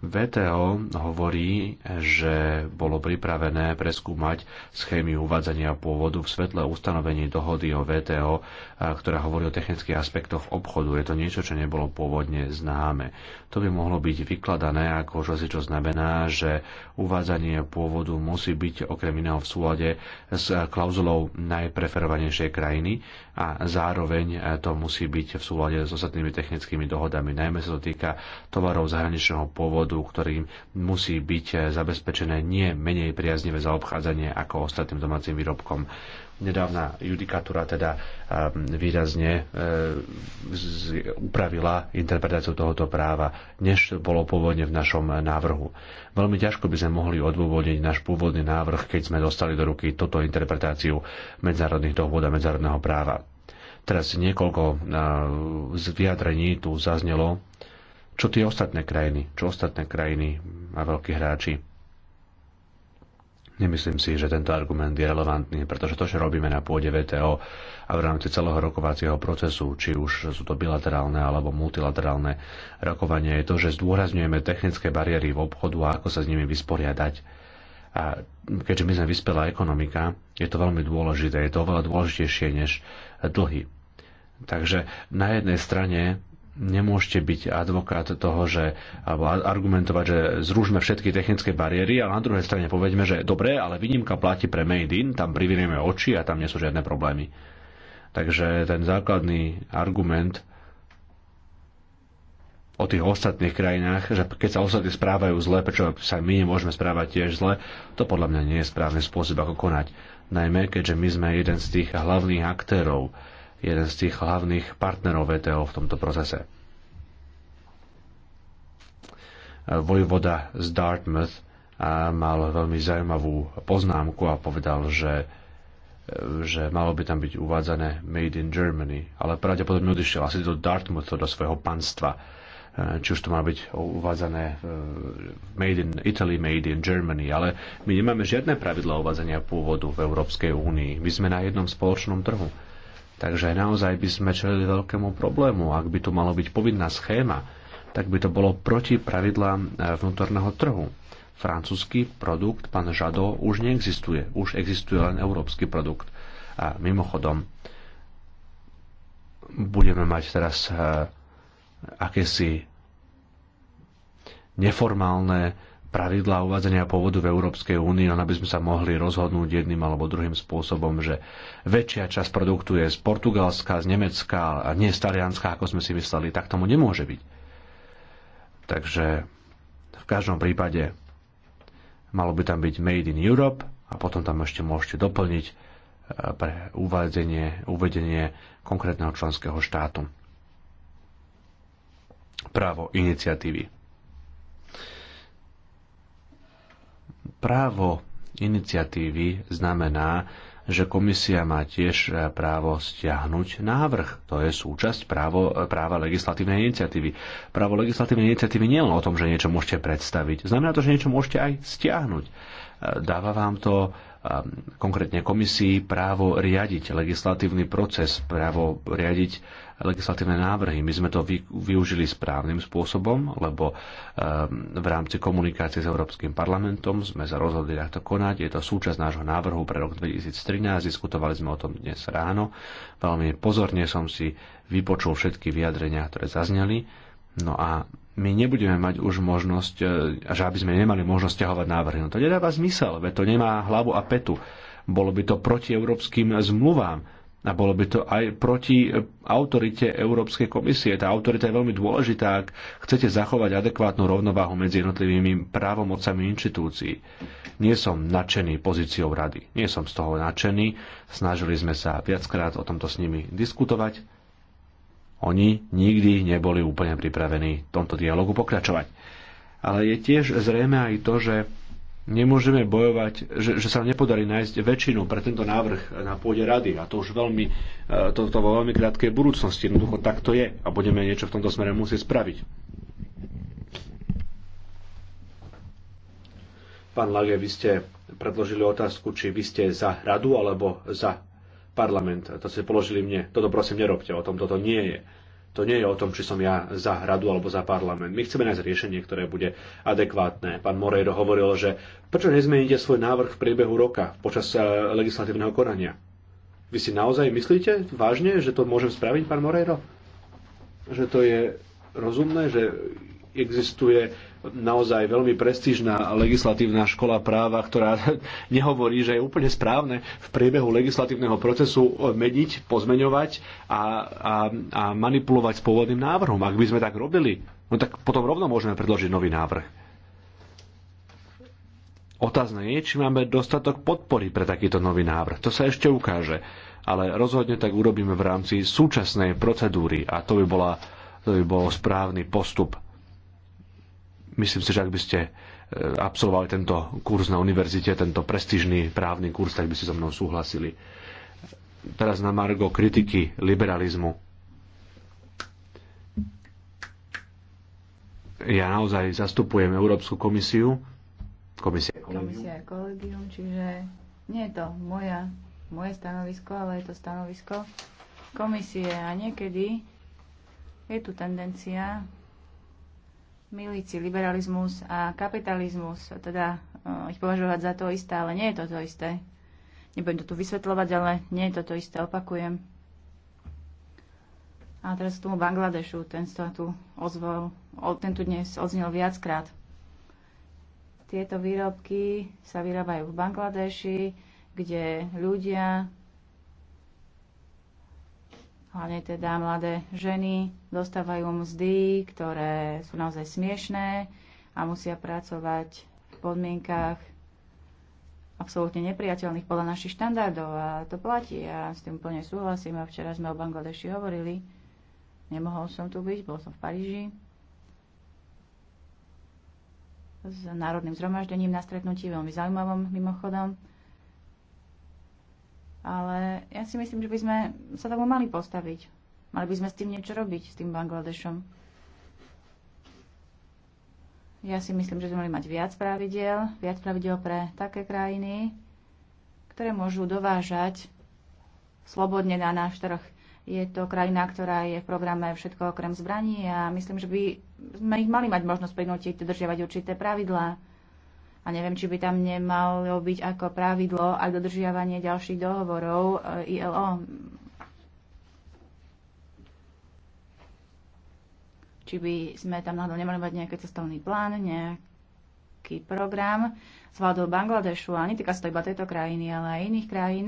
VTO hovorí, že bolo pripravené preskúmať schémy uvádzania pôvodu v svetle ustanovení dohody o VTO, ktorá hovorí o technických aspektoch obchodu. Je to niečo, čo nebolo pôvodne známe. To by mohlo byť vykladané ako si čo znamená, že uvádzanie pôvodu musí byť okrem iného v súlade s klauzulou najpreferovanejšej krajiny a zároveň to musí byť v súlade s ostatnými technickými dohodami. Najmä sa to týka tovarov zahraničného pôvodu národu, ktorým musí byť eh, zabezpečené nie menej priaznivé zaobchádzanie ako ostatným domácim výrobkom nedávna judikatúra teda ehm, výrazne eh, upravila interpretáciu tohoto práva, než bolo pôvodne v našom eh, návrhu. Veľmi ťažko by sme mohli odôvodniť náš pôvodný návrh, keď sme dostali do ruky toto interpretáciu medzinárodných dohôd a medzinárodného práva. Teraz niekoľko vyjadrení tu zaznelo čo tie ostatné krajiny, čo ostatné krajiny a veľkí hráči. Nemyslím si, že tento argument je relevantný, pretože to, čo robíme na pôde VTO a v rámci celého rokovacieho procesu, či už sú to bilaterálne alebo multilaterálne rokovania, je to, že zdôrazňujeme technické bariéry v obchodu a ako sa s nimi vysporiadať. A keďže my sme vyspelá ekonomika, je to veľmi dôležité, je to oveľa dôležitejšie než dlhy. Takže na jednej strane nemôžete byť advokát toho, že, alebo argumentovať, že zrušme všetky technické bariéry, ale na druhej strane povedme, že dobre, ale výnimka platí pre Made in, tam privinieme oči a tam nie sú žiadne problémy. Takže ten základný argument o tých ostatných krajinách, že keď sa ostatní správajú zle, prečo sa my nemôžeme správať tiež zle, to podľa mňa nie je správny spôsob, ako konať. Najmä, keďže my sme jeden z tých hlavných aktérov jeden z tých hlavných partnerov VTO v tomto procese. Vojvoda z Dartmouth mal veľmi zaujímavú poznámku a povedal, že že malo by tam byť uvádzané Made in Germany, ale pravdepodobne odišiel asi do Dartmouth do svojho panstva. Či už to má byť uvádzané e, Made in Italy, Made in Germany, ale my nemáme žiadne pravidla uvádzania pôvodu v Európskej únii. My sme na jednom spoločnom trhu. Takže naozaj by sme čelili veľkému problému, ak by tu malo byť povinná schéma, tak by to bolo proti pravidlám e, vnútorného trhu. Francúzsky produkt, pán Žado, už neexistuje. Už existuje len európsky produkt. A mimochodom, budeme mať teraz e, akési neformálne pravidlá uvádzania pôvodu v Európskej únii, aby sme sa mohli rozhodnúť jedným alebo druhým spôsobom, že väčšia časť produktu je z Portugalska, z Nemecka a nie z Talianska, ako sme si mysleli. Tak tomu nemôže byť. Takže v každom prípade malo by tam byť Made in Europe a potom tam ešte môžete doplniť eh, pre uvedenie, uvedenie konkrétneho členského štátu. Právo iniciatívy. Právo iniciatívy znamená, že komisia má tiež e, právo stiahnuť návrh. To je súčasť právo, e, práva legislatívnej iniciatívy. Právo legislatívnej iniciatívy nie je len o tom, že niečo môžete predstaviť. Znamená to, že niečo môžete aj stiahnuť. E, dáva vám to konkrétne komisii právo riadiť legislatívny proces, právo riadiť legislatívne návrhy. My sme to využili správnym spôsobom, lebo um, v rámci komunikácie s Európskym parlamentom sme sa rozhodli takto konať. Je to súčasť nášho návrhu pre rok 2013. Diskutovali sme o tom dnes ráno. Veľmi pozorne som si vypočul všetky vyjadrenia, ktoré zazneli. No a my nebudeme mať už možnosť, e, že aby sme nemali možnosť ťahovať návrhy. No to nedáva zmysel, veď to nemá hlavu a petu. Bolo by to proti európskym zmluvám a bolo by to aj proti e, autorite Európskej komisie. Tá autorita je veľmi dôležitá, ak chcete zachovať adekvátnu rovnováhu medzi jednotlivými právomocami inštitúcií. Nie som nadšený pozíciou rady. Nie som z toho nadšený. Snažili sme sa viackrát o tomto s nimi diskutovať. Oni nikdy neboli úplne pripravení v tomto dialogu pokračovať. Ale je tiež zrejme aj to, že nemôžeme bojovať, že, že sa nepodarí nájsť väčšinu pre tento návrh na pôde rady a to už veľmi, e, to, to vo veľmi krátkej budúcnosti. Jednoducho tak to je a budeme niečo v tomto smere musieť spraviť. Pán Lage, vy ste predložili otázku, či vy ste za radu alebo za parlament. To ste položili mne. Toto prosím nerobte, o tom toto nie je. To nie je o tom, či som ja za hradu alebo za parlament. My chceme nájsť riešenie, ktoré bude adekvátne. Pán Moreiro hovoril, že prečo nezmeníte svoj návrh v priebehu roka počas eh, legislatívneho konania? Vy si naozaj myslíte vážne, že to môžem spraviť, pán Moreiro? Že to je rozumné, že existuje naozaj veľmi prestížna legislatívna škola práva, ktorá nehovorí, že je úplne správne v priebehu legislatívneho procesu meniť, pozmeňovať a, a, a manipulovať s pôvodným návrhom. Ak by sme tak robili, no tak potom rovno môžeme predložiť nový návrh. Otázne je, či máme dostatok podpory pre takýto nový návrh. To sa ešte ukáže. Ale rozhodne tak urobíme v rámci súčasnej procedúry a to by, bola, to by bol správny postup. Myslím si, že ak by ste e, absolvovali tento kurz na univerzite, tento prestížny právny kurz, tak by ste so mnou súhlasili. Teraz na Margo kritiky liberalizmu. Ja naozaj zastupujem Európsku komisiu. Komisia je kolegium. Komisia je kolegium, čiže nie je to moja, moje stanovisko, ale je to stanovisko komisie. A niekedy je tu tendencia milíci liberalizmus a kapitalizmus, teda uh, ich považovať za to isté, ale nie je to to isté. Nebudem to tu vysvetľovať, ale nie je to to isté, opakujem. A teraz k tomu Bangladešu, ten sa tu ozval, ten tu dnes odznel viackrát. Tieto výrobky sa vyrábajú v Bangladeši, kde ľudia hlavne teda mladé ženy, dostávajú mzdy, ktoré sú naozaj smiešné a musia pracovať v podmienkach absolútne nepriateľných podľa našich štandardov a to platí. Ja s tým úplne súhlasím a včera sme o Bangladeši hovorili. Nemohol som tu byť, bol som v Paríži s Národným zhromaždením na stretnutí, veľmi zaujímavom mimochodom. Ale ja si myslím, že by sme sa tomu mali postaviť. Mali by sme s tým niečo robiť, s tým Bangladešom. Ja si myslím, že sme mali mať viac pravidel, viac pravidel pre také krajiny, ktoré môžu dovážať slobodne na náš trh. Je to krajina, ktorá je v programe všetko okrem zbraní a myslím, že by sme ich mali mať možnosť prinútiť dodržiavať určité pravidlá. A neviem, či by tam nemalo byť ako pravidlo aj dodržiavanie ďalších dohovorov e, ILO. Či by sme tam náhodou nemali mať nejaký cestovný plán, nejaký program s vládou Bangladešu. A netýka sa to iba tejto krajiny, ale aj iných krajín.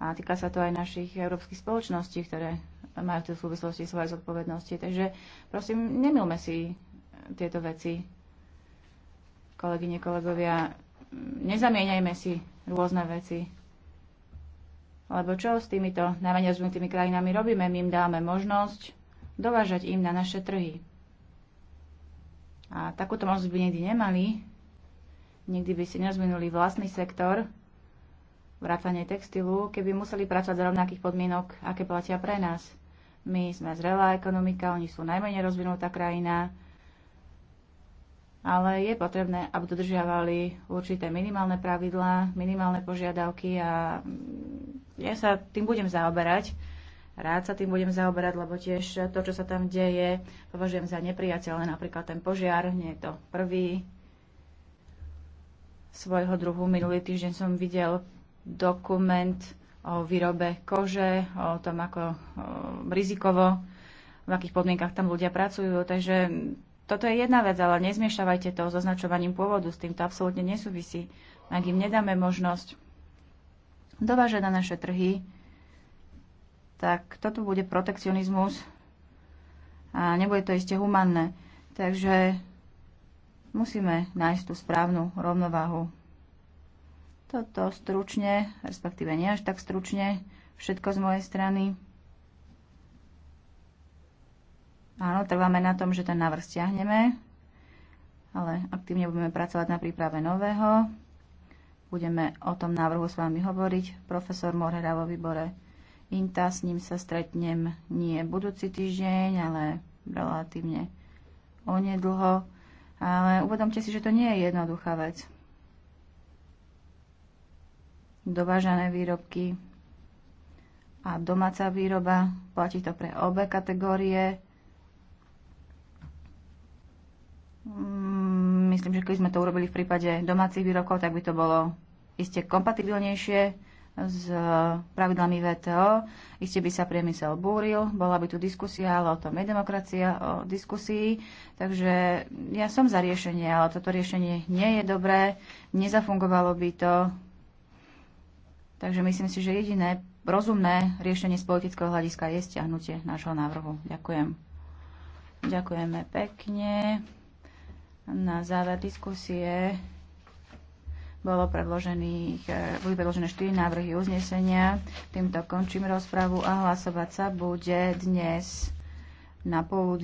A týka sa to aj našich európskych spoločností, ktoré majú v súvislosti svoje zodpovednosti. Takže prosím, nemilme si tieto veci Kolegyne, kolegovia, nezamieňajme si rôzne veci. Lebo čo s týmito najmenej rozvinutými krajinami robíme? My im dáme možnosť dovážať im na naše trhy. A takúto možnosť by nikdy nemali. Nikdy by si nerozvinuli vlastný sektor, vrátanie textilu, keby museli pracovať za rovnakých podmienok, aké platia pre nás. My sme zrelá ekonomika, oni sú najmenej rozvinutá krajina, ale je potrebné, aby dodržiavali určité minimálne pravidlá, minimálne požiadavky a ja sa tým budem zaoberať. Rád sa tým budem zaoberať, lebo tiež to, čo sa tam deje, považujem za nepriateľné. Napríklad ten požiar, nie je to prvý svojho druhu. Minulý týždeň som videl dokument o výrobe kože, o tom, ako o, rizikovo, v akých podmienkach tam ľudia pracujú. Takže toto je jedna vec, ale nezmiešavajte to s označovaním pôvodu, s týmto absolútne nesúvisí. Ak im nedáme možnosť dovážať na naše trhy, tak toto bude protekcionizmus a nebude to iste humanné. Takže musíme nájsť tú správnu rovnováhu. Toto stručne, respektíve nie až tak stručne, všetko z mojej strany. Áno, trváme na tom, že ten návrh stiahneme, ale aktívne budeme pracovať na príprave nového. Budeme o tom návrhu s vami hovoriť. Profesor Morhera vo výbore INTA, s ním sa stretnem nie budúci týždeň, ale relatívne onedlho. Ale uvedomte si, že to nie je jednoduchá vec. Dovážané výrobky a domáca výroba, platí to pre obe kategórie Mm, myslím, že keď sme to urobili v prípade domácich výrokov, tak by to bolo iste kompatibilnejšie s eh, pravidlami VTO. Iste by sa priemysel búril, bola by tu diskusia, ale o tom je demokracia, o diskusii. Takže ja som za riešenie, ale toto riešenie nie je dobré, nezafungovalo by to. Takže myslím si, že jediné rozumné riešenie z politického hľadiska je stiahnutie nášho návrhu. Ďakujem. Ďakujeme pekne. Na záver diskusie bolo predložených, e, boli predložené 4 návrhy uznesenia. Týmto končím rozpravu a hlasovať sa bude dnes na poludne.